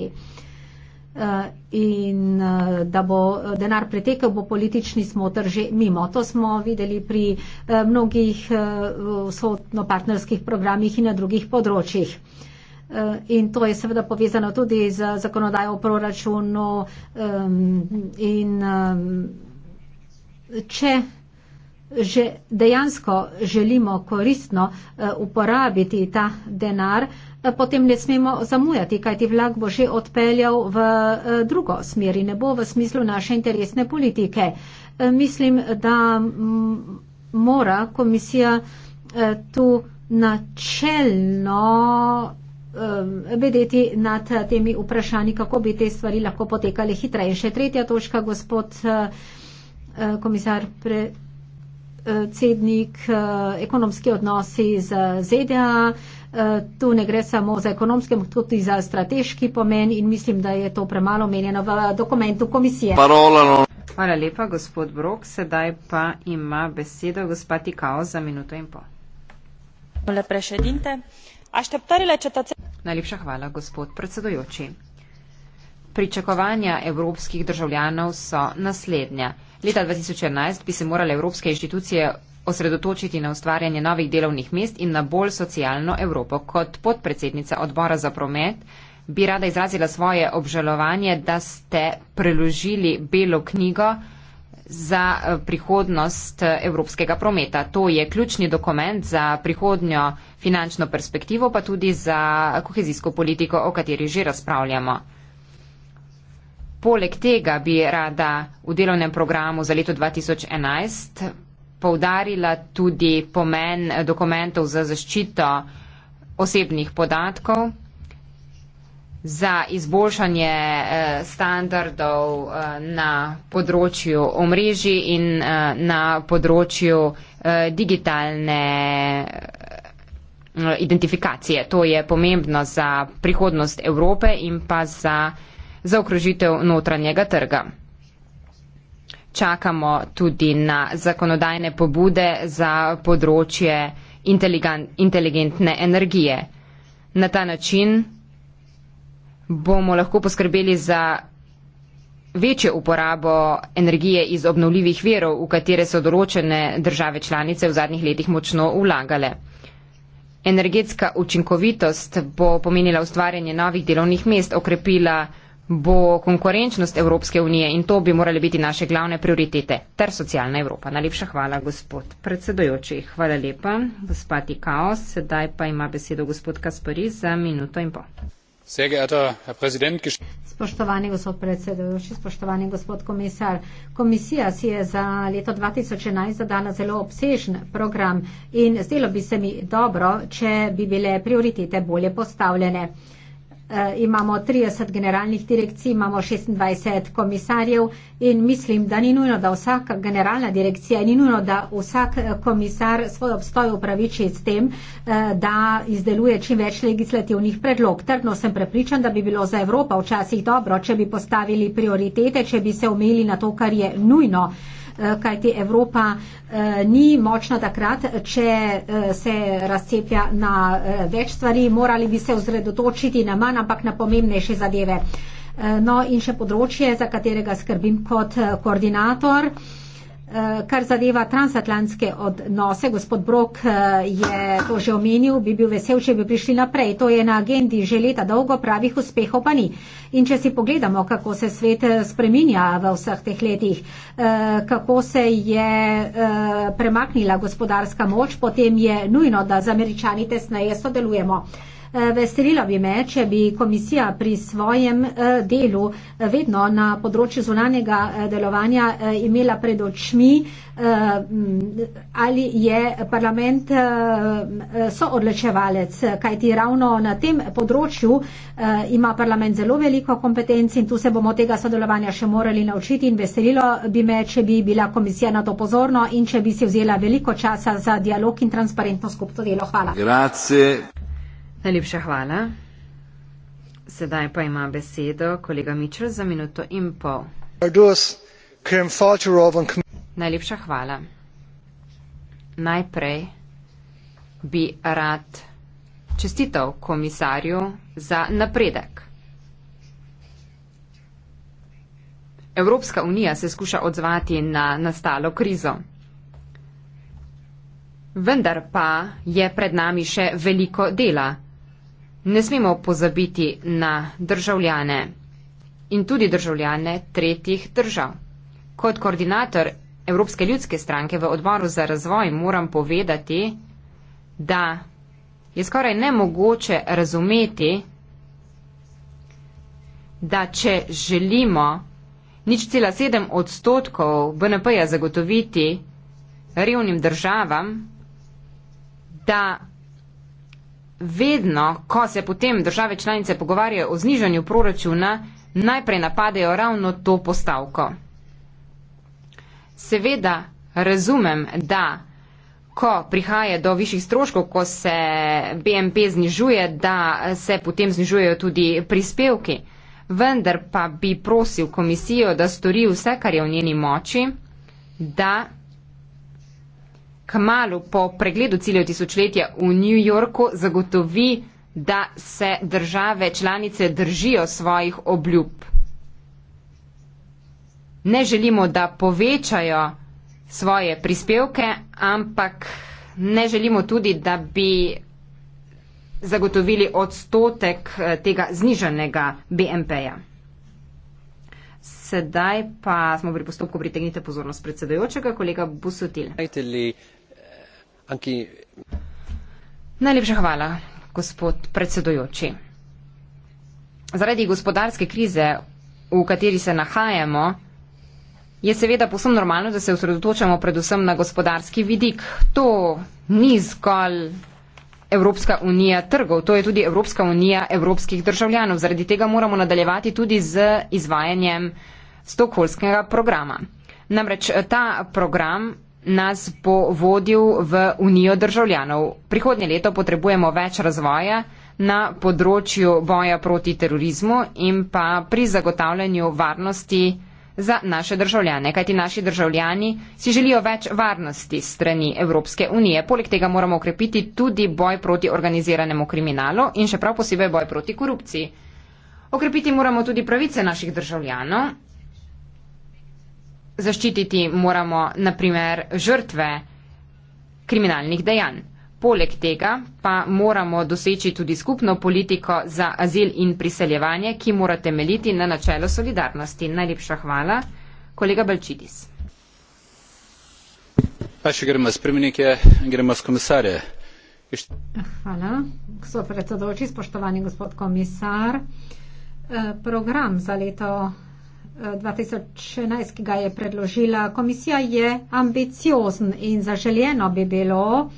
Eh, in eh, da bo eh, denar pretekel, bo politični smotr že mimo. To smo videli pri mnogih vzhodno-partnerskih programih in na drugih področjih. In to je seveda povezano tudi z zakonodajo o proračunu in če že dejansko želimo koristno uporabiti ta denar, potem ne smemo zamujati, kajti vlak bo že odpeljal v eh, drugo smer in ne bo v smislu naše interesne politike. Eh, mislim, da mm, mora komisija eh, tu načelno vedeti nad temi vprašanji, kako bi te stvari lahko potekale hitreje. In še tretja točka, gospod komisar predsednik, ekonomski odnosi z ZDA. Eh, tu ne gre samo za ekonomske, ampak tudi za strateški pomen in mislim, da je to premalo omenjeno v dokumentu komisije. No. Hvala lepa, gospod Brok. Sedaj pa ima besedo gospa Tikao za minuto in pol. Najlepša hvala, gospod predsedujoči. Pričakovanja evropskih državljanov so naslednja. Leta 2011 bi se morale evropske inštitucije osredotočiti na ustvarjanje novih delovnih mest in na bolj socialno Evropo. Kot podpredsednica odbora za promet bi rada izrazila svoje obžalovanje, da ste preložili belo knjigo za eh, prihodnost eh, evropskega prometa. To je ključni dokument za prihodnjo finančno perspektivo, pa tudi za kohezijsko politiko, o kateri že razpravljamo. Poleg tega bi rada v delovnem programu za leto 2011 poudarila tudi pomen dokumentov za zaščito osebnih podatkov, za izboljšanje eh, standardov eh, na področju omrežji in eh, na področju digitalne identifikacije. To je pomembno za prihodnost Evrope in pa za zaokrožitev notranjega trga čakamo tudi na zakonodajne pobude za področje inteligentne energije. Na ta način bomo lahko poskrbeli za večjo uporabo energije iz obnovljivih verov, v katere so določene države članice v zadnjih letih močno vlagale. Energetska učinkovitost bo pomenila ustvarjanje novih delovnih mest, okrepila bo konkurenčnost Evropske unije in to bi morali biti naše glavne prioritete ter socialna Evropa. Najlepša hvala, gospod predsedojoči. Hvala lepa, gospod Ikaos. Sedaj pa ima besedo gospod Kaspari za minuto in pol. Spoštovani gospod predsedujoči, spoštovani gospod komisar. Komisija si je za leto 2011 zadala zelo obsežen program in zdelo bi se mi dobro, če bi bile prioritete bolje postavljene. Uh, imamo 30 generalnih direkcij, imamo 26 komisarjev in mislim, da ni nujno, da vsaka generalna direkcija, ni nujno, da vsak eh, komisar svoj obstoj upraviči s tem, uh, da izdeluje čim več legislativnih predlog. Trdno sem prepričan, da bi bilo za Evropo včasih dobro, če bi postavili prioritete, če bi se omejili na to, kar je nujno. Uh, Eh, kajti Evropa eh, ni močna takrat, če eh, se razcepja na več stvari, morali bi se ozredotočiti na manj, ampak na pomembnejše zadeve. No in še področje, za katerega skrbim kot koordinator. Eh, kar zadeva transatlantske odnose, gospod Brok eh, je to že omenil, bi bil vesel, če bi prišli naprej. To je na agendi že leta dolgo, pravih uspehov pa ni. In če si pogledamo, kako se svet eh, spreminja v vseh teh letih, kako se je premaknila gospodarska moč, potem je nujno, da z američani tesneje sodelujemo. Eh, veselilo bi me, če bi komisija pri svojem eh, delu eh, vedno na področju zunanjega delovanja imela pred očmi, ali je parlament soodločevalec, kajti ravno na tem področju ima parlament zelo veliko kompetenc in tu se bomo tega sodelovanja še morali naučiti in veselilo bi me, če bi bila komisija na to pozorno in če bi si vzela veliko časa za dialog in transparentno skupno delo. Hvala. Grazie. Najlepša hvala. Sedaj pa ima besedo kolega Mičel za minuto in pol. Najlepša hvala. Najprej bi rad čestitev komisarju za napredek. Evropska unija se skuša odzvati na nastalo krizo. Vendar pa je pred nami še veliko dela ne smemo pozabiti na državljane in tudi državljane tretjih držav. Kot koordinator Evropske ljudske stranke v odboru za razvoj moram povedati, da je skoraj nemogoče razumeti, da če želimo nič cela sedem odstotkov BNP-ja zagotoviti revnim državam, da vedno, ko se potem države članice pogovarjajo o znižanju proračuna, najprej napadejo ravno to postavko. Seveda razumem, da ko prihaja do višjih stroškov, ko se BNP znižuje, da se potem znižujejo tudi prispevki. Vendar pa bi prosil komisijo, da stori vse, kar je v njeni moči, da kmalo po pregledu ciljev tisočletja v New Yorku zagotovi, da se države članice držijo svojih obljub. Ne želimo, da povečajo svoje prispevke, ampak ne želimo tudi, da bi zagotovili odstotek eh, tega znižanega BMP-ja. Sedaj pa smo pri postopku pritegnite pozornost predsedojočega, kolega Busutil. Najlepša hvala, gospod predsedujoči. Zaradi gospodarske krize, v kateri se nahajamo, je seveda posebno normalno, da se osredotočamo predvsem na gospodarski vidik. To ni zgolj Evropska unija trgov, to je tudi Evropska unija evropskih državljanov. Zaradi tega moramo nadaljevati tudi z izvajanjem stokholskega programa. Namreč ta program nas bo vodil v unijo državljanov. Prihodnje leto potrebujemo več razvoja na področju boja proti terorizmu in pa pri zagotavljanju varnosti za naše državljane, kajti naši državljani si želijo več varnosti strani Evropske unije. Poleg tega moramo okrepiti tudi boj proti organiziranemu kriminalu in še prav posebej boj proti korupciji. Okrepiti moramo tudi pravice naših državljanov zaščititi moramo naprimer žrtve kriminalnih dejanj. Poleg tega pa moramo doseči tudi skupno politiko za azil in priseljevanje, ki mora temeljiti na načelo solidarnosti. Najlepša hvala, kolega Balčidis. Pa še gremo s premenike, gremo s komisarje. Hvala, gospod predsedoči, spoštovani gospod komisar. Eh, program za leto 2016, ki ga je predložila komisija, je ambiciozen in zaželjeno bi bilo,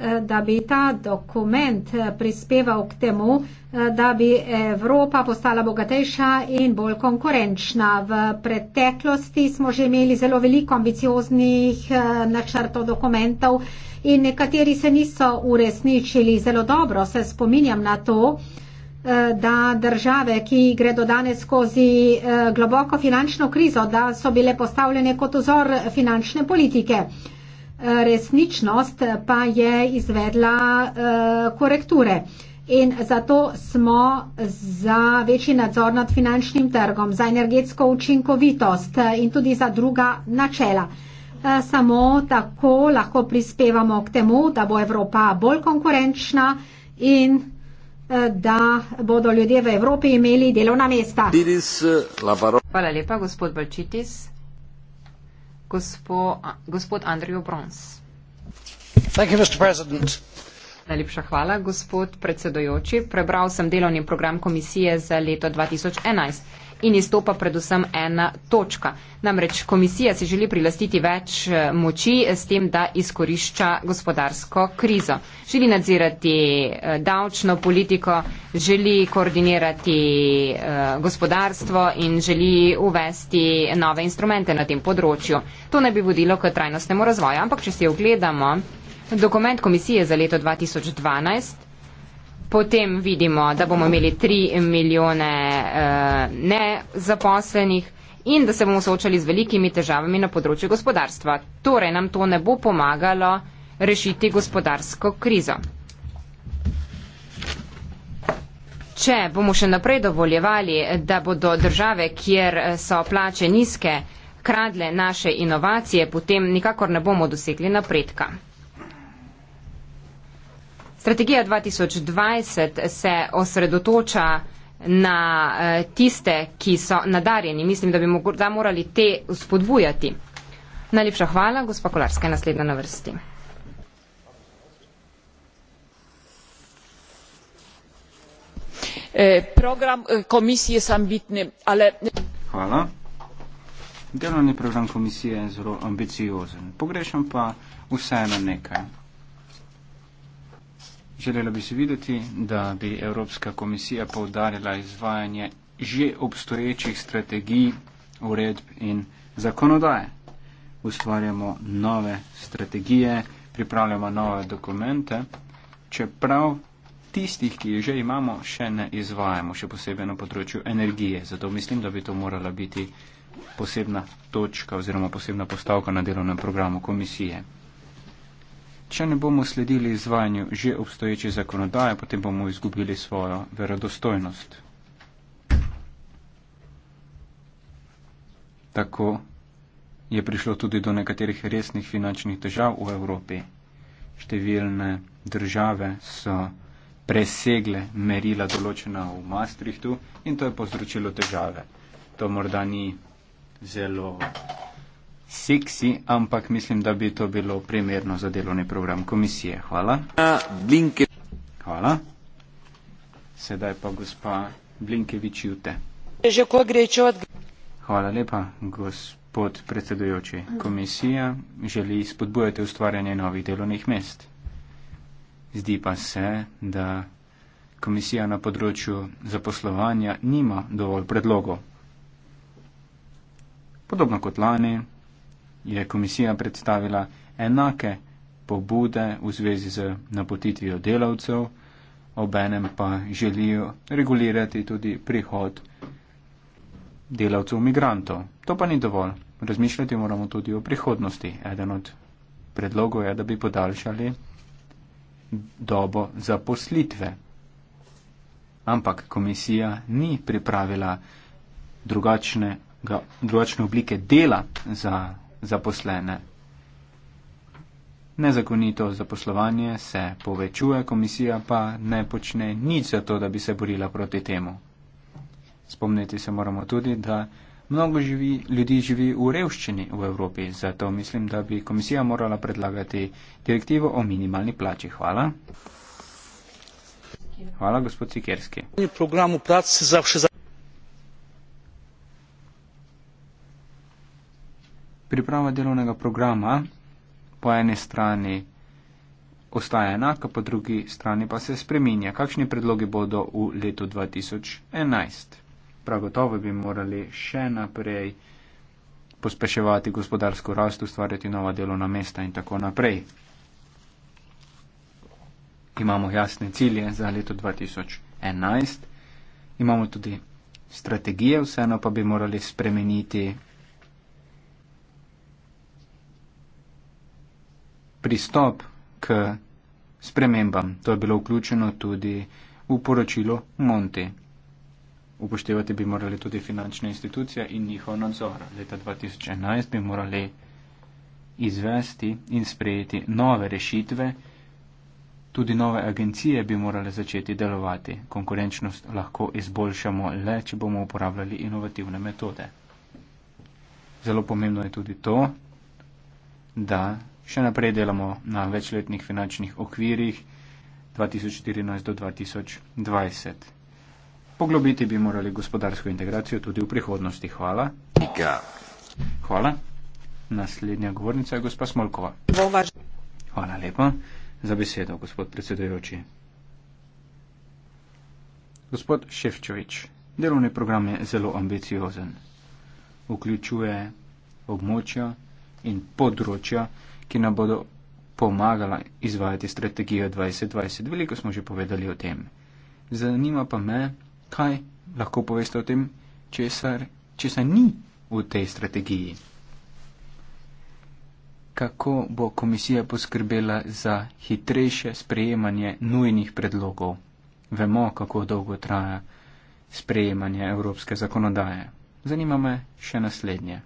eh, da bi ta dokument eh, prispeval k temu, eh, da bi Evropa postala bogatejša in bolj konkurenčna. V preteklosti smo že imeli zelo veliko ambicioznih načrtov dokumentov in nekateri se niso uresničili. Zelo dobro se spominjam na to, Eh, da države, ki gredo danes skozi eh, globoko finančno krizo, da so bile postavljene kot ozor finančne politike. Eh, resničnost pa je izvedla korekture. In zato smo za večji nadzor nad finančnim trgom, za energetsko učinkovitost in tudi za druga načela. Samo tako lahko prispevamo k temu, da bo Evropa bolj konkurenčna in da bodo ljudje v Evropi imeli delovna mesta. Eh, hvala lepa, gospod Balčitis. Gospod, gospod Andrijo Brons. Najlepša hvala, gospod predsedojoči. Prebral sem delovni program komisije za leto 2011 in izstopa predvsem ena točka. Namreč komisija si želi prilastiti več eh, moči s tem, da izkorišča gospodarsko krizo. Želi nadzirati eh, davčno politiko, želi koordinirati eh, gospodarstvo in želi uvesti nove instrumente na tem področju. To ne bi vodilo k trajnostnemu razvoju, ampak če si ogledamo dokument komisije za leto 2012, potem vidimo, da bomo imeli 3 milijone uh, nezaposlenih in da se bomo soočali z velikimi težavami na področju gospodarstva. Torej nam to ne bo pomagalo rešiti gospodarsko krizo. Če bomo še naprej dovoljevali, da bodo države, kjer eh, so plače nizke, kradle naše inovacije, potem nikakor ne bomo dosegli napredka. Strategija 2020 se osredotoča na eh, tiste, ki so nadarjeni. Mislim, da bi morda morali te spodbujati. Najlepša hvala, gospa Kolarska je naslednja na vrsti. Eh, program eh, komisije je ambitni, ale. Hvala. Delovni program komisije je zelo ambiciozen. Pogrešam pa vseeno nekaj. Želela bi se videti, da bi Evropska komisija povdarjala izvajanje že obstoječih strategij, uredb in zakonodaje. Ustvarjamo nove strategije, pripravljamo nove dokumente, čeprav tistih, ki jih že imamo, še ne izvajamo, še posebej na področju energije. Zato mislim, da bi to morala biti posebna točka oziroma posebna postavka na delovnem programu komisije če ne bomo sledili izvajanju že obstoječe zakonodaje, potem bomo izgubili svojo verodostojnost. Tako je prišlo tudi do nekaterih resnih finančnih težav v Evropi. Številne države so presegle merila določena v Maastrichtu in to je povzročilo težave. To morda ni zelo seksi, ampak mislim, da bi to bilo primerno za delovni program komisije. Hvala. Hvala. Sedaj pa gospa Blinkevič Jute. Hvala lepa, gospod predsedujoči. Komisija želi spodbujati ustvarjanje novih delovnih mest. Zdi pa se, da komisija na področju zaposlovanja nima dovolj predlogov. Podobno kot lani, je komisija predstavila enake pobude v zvezi z napotitvijo delavcev, obenem pa želijo regulirati tudi prihod delavcev migrantov. To pa ni dovolj. Razmišljati moramo tudi o prihodnosti. Eden od predlogov je, da bi podaljšali dobo zaposlitve. Ampak komisija ni pripravila drugačne, drugačne oblike dela za zaposlene. Nezakonito zaposlovanje se povečuje, komisija pa ne počne nič za to, da bi se borila proti temu. Spomniti se moramo tudi, da mnogo živi, ljudi živi v revščini v Evropi, zato mislim, da bi komisija morala predlagati direktivo o minimalni plači. Hvala. Hvala, gospod Sikerski. priprava delovnega programa po eni strani ostaja enaka, po drugi strani pa se spreminja. Kakšni predlogi bodo v letu 2011? Prav gotovo bi morali še naprej pospeševati gospodarsko rast, ustvarjati nova delovna mesta in tako naprej. Imamo jasne cilje za leto 2011, imamo tudi strategije, vseeno pa bi morali spremeniti pristop k spremembam. To je bilo vključeno tudi v poročilo Monti. Upoštevati bi morali tudi finančne institucije in njihov nadzor. Leta 2011 bi morali izvesti in sprejeti nove rešitve, tudi nove agencije bi morale začeti delovati. Konkurenčnost lahko izboljšamo le, če bomo uporabljali inovativne metode. Zelo pomembno je tudi to, da še naprej delamo na večletnih finančnih okvirjih 2014 do 2020. Poglobiti bi morali gospodarsko integracijo tudi v prihodnosti. Hvala. Hvala. Naslednja govornica je gospa Smolkova. Hvala lepa za besedo, gospod predsedujoči. Gospod Ševčovič, delovni program je zelo ambiciozen. Vključuje območja in področja, ki nam bodo pomagala izvajati strategijo 2020. Veliko smo že povedali o tem. Zanima pa me, kaj lahko poveste o tem, česar, česar ni v tej strategiji. Kako bo komisija poskrbela za hitrejše sprejemanje nujnih predlogov? Vemo, kako dolgo traja sprejemanje evropske zakonodaje. Zanima me še naslednje.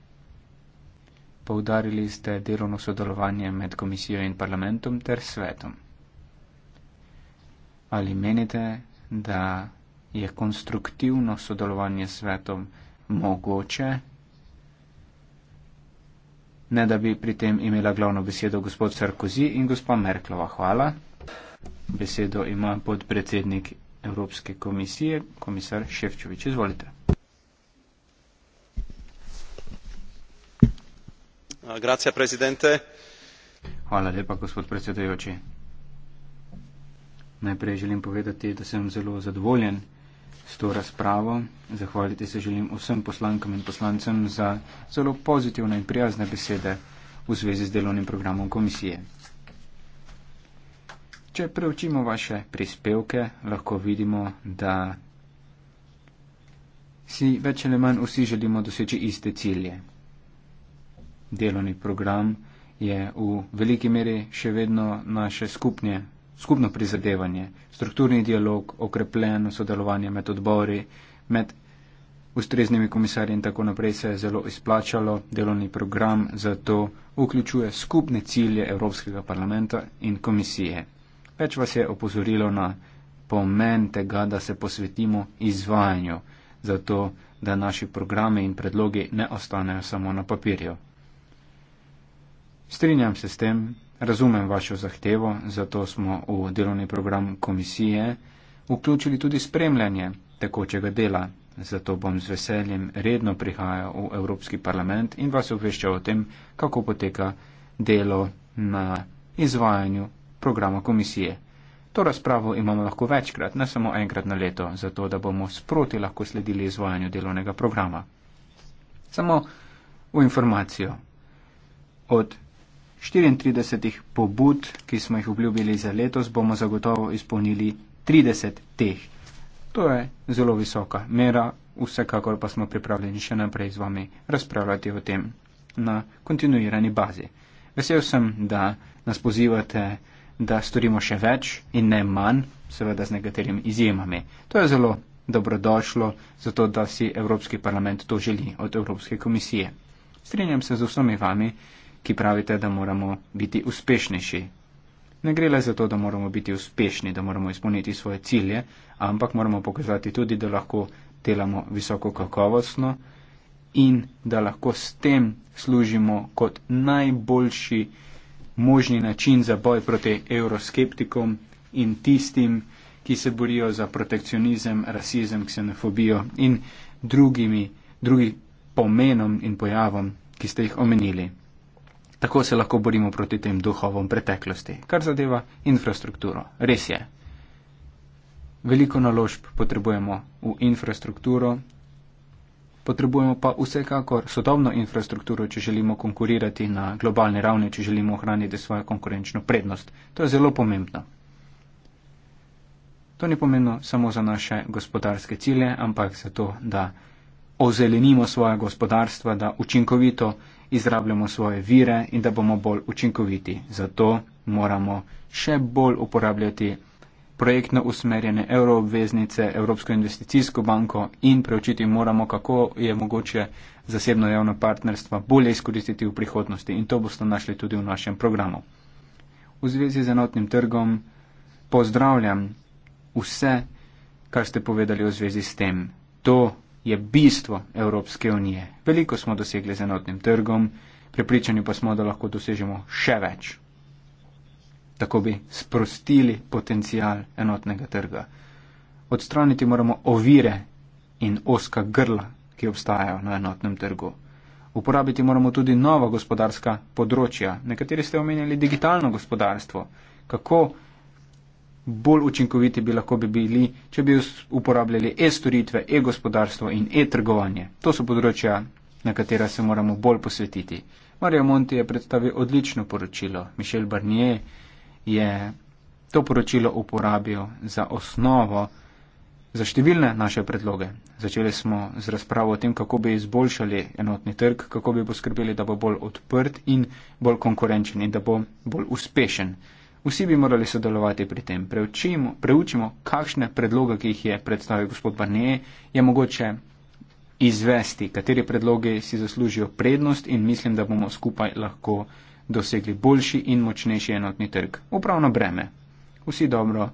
Poudarili ste delovno sodelovanje med komisijo in parlamentom ter svetom. Ali menite, da je konstruktivno sodelovanje s svetom mogoče? Ne, da bi pri tem imela glavno besedo gospod Sarkozy in gospa Merklova. Hvala. Besedo ima podpredsednik Evropske komisije, komisar Ševčovič. Izvolite. Eh, hvala lepa gospod predsedujoči najprej želim povedati da sem zelo zadovoljen s to razpravo zahvaliti se želim vsem poslankam in poslancem za zelo pozitivne in prijazne besede v zvezi z delovnim programom komisije če preučimo vaše prispevke lahko vidimo da si več ali manj vsi želimo doseči iste cilje delovni program je v veliki meri še vedno naše skupnje, skupno prizadevanje, strukturni dialog, okrepljen sodelovanje med odbori, med ustreznimi komisarji in tako naprej se je zelo izplačalo. Delovni program zato vključuje skupne cilje Evropskega parlamenta in komisije. Več vas je opozorilo na pomen tega, da se posvetimo izvajanju, zato da naši programe in predlogi ne ostanejo samo na papirju. Strinjam se s tem, razumem vašo zahtevo, zato smo v delovni program komisije vključili tudi spremljanje tekočega dela. Zato bom z veseljem redno prihajal v Evropski parlament in vas obveščal o tem, kako poteka delo na izvajanju programa komisije. To razpravo imamo lahko večkrat, ne samo enkrat na leto, zato da bomo sproti lahko sledili izvajanju delovnega programa. Samo v informacijo. Od 34 pobud, ki smo jih obljubili za letos, bomo zagotovo izpolnili 30 teh. To je zelo visoka mera, vsekakor pa smo pripravljeni še naprej z vami razpravljati o tem na kontinuirani bazi. Vesel sem, da nas pozivate, da storimo še več in ne manj, seveda z nekaterimi izjemami. To je zelo dobrodošlo, zato da si Evropski parlament to želi od Evropske komisije. Strenjam se z vsemi vami, ki pravite, da moramo biti uspešnejši. Ne gre le za to, da moramo biti uspešni, da moramo izpolniti svoje cilje, ampak moramo pokazati tudi, da lahko delamo visoko kakovostno in da lahko s tem služimo kot najboljši možni način za boj proti euroskeptikom in tistim, ki se borijo za protekcionizem, rasizem, ksenofobijo in drugimi, drugi pomenom in pojavom, ki ste jih omenili. Tako se lahko borimo proti tem duhovom preteklosti, kar zadeva infrastrukturo. Res je. Veliko naložb potrebujemo v infrastrukturo, potrebujemo pa vsekakor sodobno infrastrukturo, če želimo konkurirati na globalni ravni, če želimo ohraniti svojo konkurenčno prednost. To je zelo pomembno. To ni pomembno samo za naše gospodarske cilje, ampak za to, da ozelenimo svoje gospodarstva, da učinkovito izrabljamo svoje vire in da bomo bolj učinkoviti. Zato moramo še bolj uporabljati projektno usmerjene euroobveznice, Evropsko investicijsko banko in preučiti moramo, kako je mogoče zasebno javno partnerstvo bolje izkoristiti v prihodnosti in to boste našli tudi v našem programu. V zvezi z enotnim trgom pozdravljam vse, kar ste povedali v zvezi s tem. To, je bistvo Evropske unije. Veliko smo dosegli z enotnim trgom, prepričani pa smo, da lahko dosežemo še več. Tako bi sprostili potencial enotnega trga. Odstraniti moramo ovire in oska grla, ki obstajajo na enotnem trgu. Uporabiti moramo tudi nova gospodarska področja. Nekateri ste omenjali digitalno gospodarstvo. Kako bolj učinkoviti bi lahko bi bili, če bi uporabljali e-storitve, e-gospodarstvo in e-trgovanje. To so področja, na katera se moramo bolj posvetiti. Mario Monti je predstavil odlično poročilo. Mišel Barnier je to poročilo uporabil za osnovo za številne naše predloge. Začeli smo z razpravo o tem, kako bi izboljšali enotni trg, kako bi poskrbeli, da bo bolj odprt in bolj konkurenčen in da bo bolj uspešen. Vsi bi morali sodelovati pri tem. Preučimo, preučimo kakšne predloge, ki jih je predstavil gospod Barnier, je mogoče izvesti, kateri predloge si zaslužijo prednost in mislim, da bomo skupaj lahko dosegli boljši in močnejši enotni trg. Upravno breme. Vsi dobro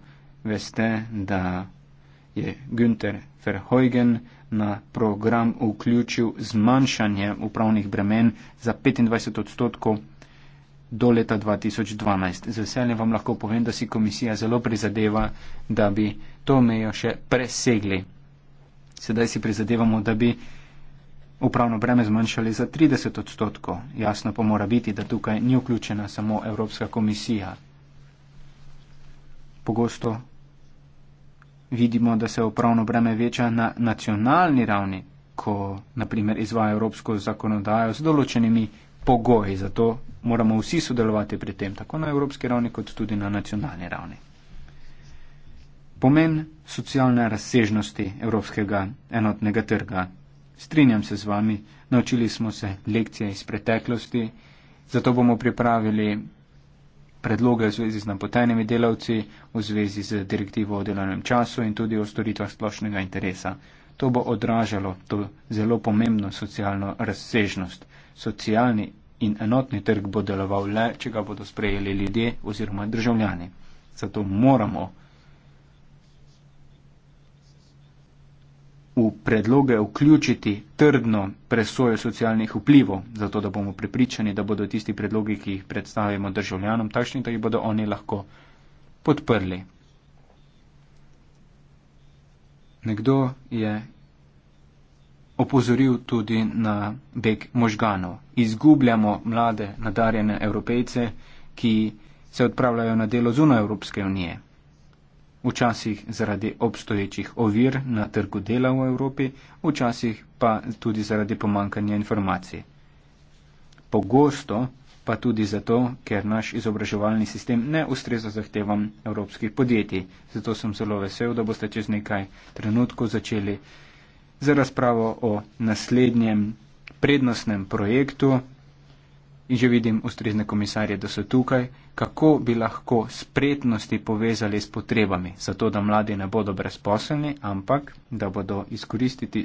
veste, da je Günther Verheugen na program vključil zmanjšanje upravnih bremen za 25 odstotkov do leta 2012. Z veseljem vam lahko povem, da si komisija zelo prizadeva, da bi to mejo še presegli. Sedaj si prizadevamo, da bi upravno breme zmanjšali za 30 odstotkov. Jasno pa mora biti, da tukaj ni vključena samo Evropska komisija. Pogosto vidimo, da se upravno breme veča na nacionalni ravni, ko naprimer izvaja evropsko zakonodajo z določenimi pogoj. Zato moramo vsi sodelovati pri tem, tako na evropski ravni, kot tudi na nacionalni ravni. Pomen socialne razsežnosti evropskega enotnega trga. Strinjam se z vami, naučili smo se lekcije iz preteklosti, zato bomo pripravili predloge v zvezi z napotenimi delavci, v zvezi z direktivo o delovnem času in tudi o storitvah splošnega interesa. To bo odražalo to zelo pomembno socialno razsežnost socialni in enotni trg bo deloval le, če ga bodo sprejeli ljudje oziroma državljani. Zato moramo v predloge vključiti trdno presojo socialnih vplivov, zato da bomo prepričani, da bodo tisti predlogi, ki jih predstavimo državljanom, takšni, da jih bodo oni lahko podprli. Nekdo je opozoril tudi na beg možganov. Izgubljamo mlade, nadarjene evropejce, ki se odpravljajo na delo zunaj Evropske unije. Včasih zaradi obstoječih ovir na trgu dela v Evropi, včasih pa tudi zaradi pomankanja informacij. Pogosto pa tudi zato, ker naš izobraževalni sistem ne ustreza zahtevam evropskih podjetij. Zato sem zelo vesel, da boste čez nekaj trenutkov začeli za razpravo o naslednjem prednostnem projektu. In že vidim ustrezne komisarje, da so tukaj, kako bi lahko spretnosti povezali s potrebami, zato da mladi ne bodo brezposelni, ampak da bodo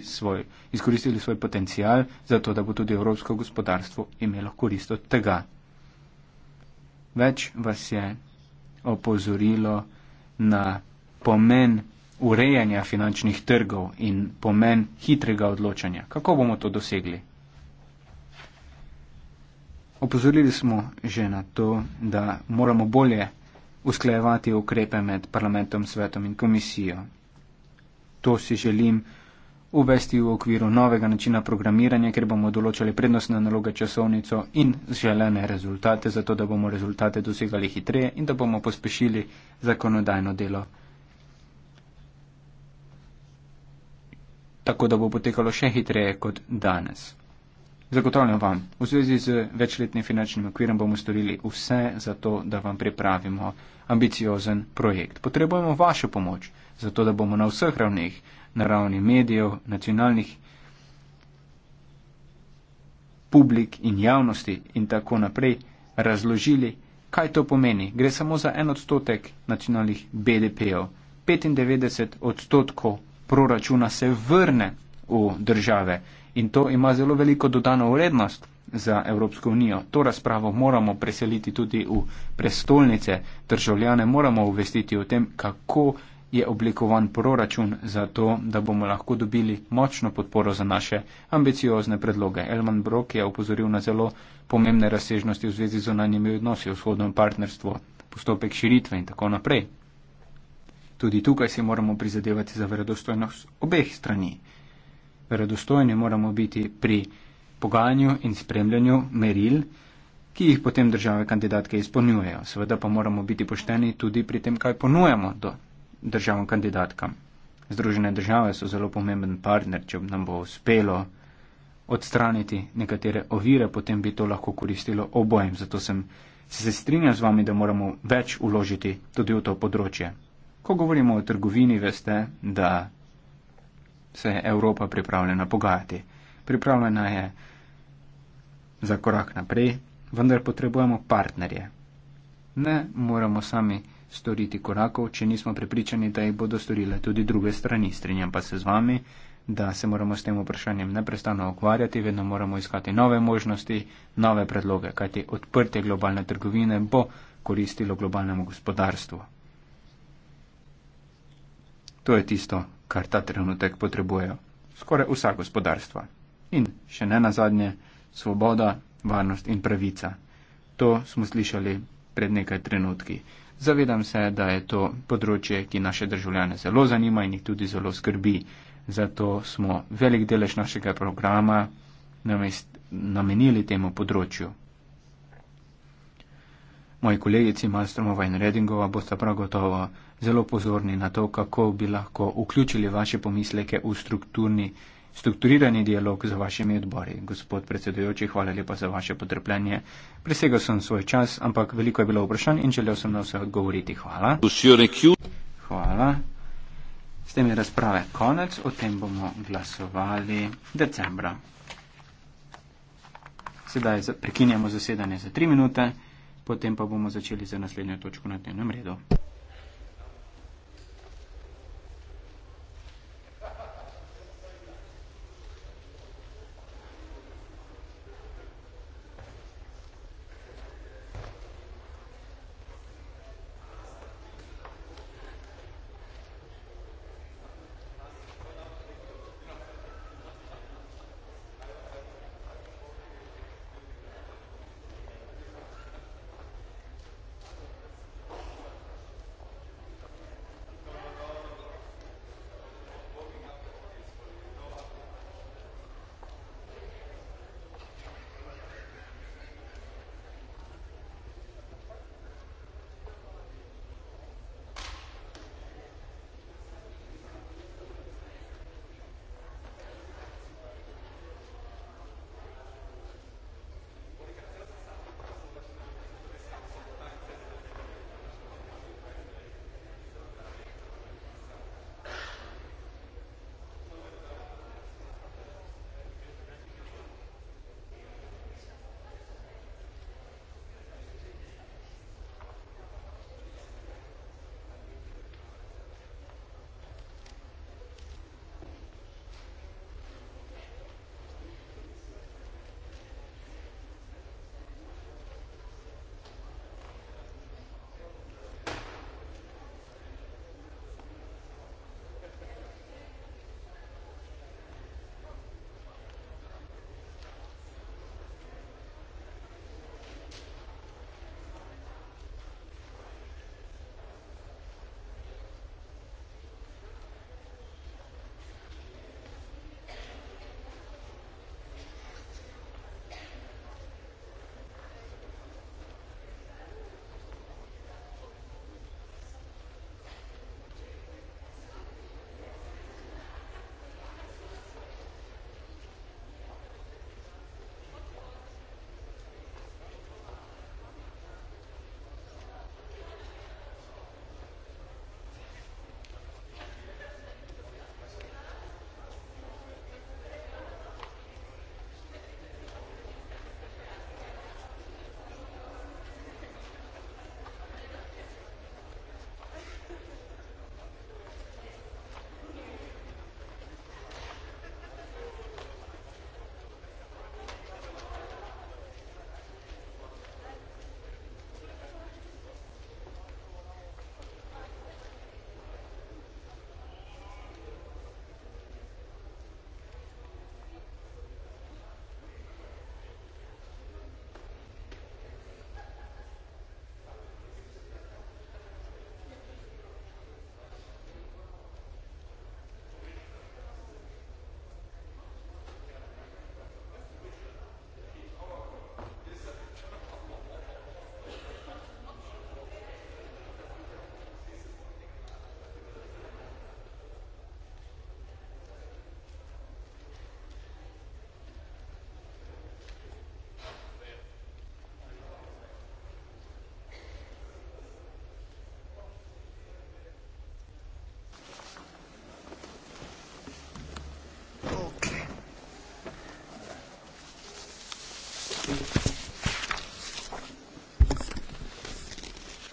svoj, izkoristili svoj potencial, zato da bo tudi evropsko gospodarstvo imelo korist od tega. Več vas je opozorilo na pomen urejanja finančnih trgov in pomen hitrega odločanja. Kako bomo to dosegli? Opozorili smo že na to, da moramo bolje usklajevati ukrepe med parlamentom, svetom in komisijo. To si želim uvesti v okviru novega načina programiranja, ker bomo določali prednostne naloge časovnico in želene rezultate, zato da bomo rezultate dosegali hitreje in da bomo pospešili zakonodajno delo. tako da bo potekalo še hitreje kot danes. Zagotovljam vam, v zvezi z večletnim finančnim okvirom bomo storili vse za to, da vam pripravimo ambiciozen projekt. Potrebujemo vašo pomoč, zato da bomo na vseh ravneh, na ravni medijev, nacionalnih publik in javnosti in tako naprej, razložili, kaj to pomeni. Gre samo za en odstotek nacionalnih BDP-ov, 95 odstotkov proračuna se vrne v države. In to ima zelo veliko dodano vrednost za Evropsko unijo. To razpravo moramo preseliti tudi v prestolnice. Državljane moramo uvestiti o tem, kako je oblikovan proračun za to, da bomo lahko dobili močno podporo za naše ambiciozne predloge. Elman Brok je upozoril na zelo pomembne razsežnosti v zvezi z zonanjimi odnosi, vzhodno partnerstvo, postopek širitve in tako naprej. Tudi tukaj si moramo prizadevati za verodostojnost obeh strani. Verodostojni moramo biti pri pogajanju in spremljanju meril, ki jih potem države kandidatke izpolnjujejo. Seveda pa moramo biti pošteni tudi pri tem, kaj ponujemo do državam kandidatkam. Združene države so zelo pomemben partner, če nam bo uspelo odstraniti nekatere ovire, potem bi to lahko koristilo obojem. Zato sem se strinjal z vami, da moramo več uložiti tudi v to področje. Ko govorimo o trgovini, veste, da se je Evropa pripravljena pogajati. Pripravljena je za korak naprej, vendar potrebujemo partnerje. Ne moramo sami storiti korakov, če nismo prepričani, da jih bodo storile tudi druge strani. Strinjam pa se z vami, da se moramo s tem vprašanjem neprestano ukvarjati, vedno moramo iskati nove možnosti, nove predloge, kajti odprtje globalne trgovine bo koristilo globalnemu gospodarstvu. To je tisto, kar ta trenutek potrebujejo. Skoraj vsa gospodarstva. In še ne nazadnje, svoboda, varnost in pravica. To smo slišali pred nekaj trenutki. Zavedam se, da je to področje, ki naše državljane zelo zanima in jih tudi zelo skrbi. Zato smo velik delež našega programa namest, namenili temu področju. Moji kolegici Malstromova in Redingova bosta prav gotovo zelo pozorni na to, kako bi lahko vključili vaše pomisleke v strukturni, strukturirani dialog z vašimi odbori. Gospod predsedujoči, hvala lepa za vaše potrpljenje. Presegal sem svoj čas, ampak veliko je bilo vprašanj in želel sem na vse odgovoriti. Hvala. Hvala. S tem je razprave konec, o tem bomo glasovali decembra. Sedaj prekinjamo zasedanje za tri minute, potem pa bomo začeli za naslednjo točko na dnevnem redu.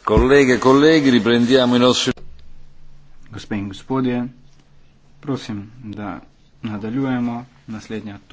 Kolege, kolegi, riprendiamo i nostri. Gospe in gospodje, prosim, da nadaljujemo naslednja.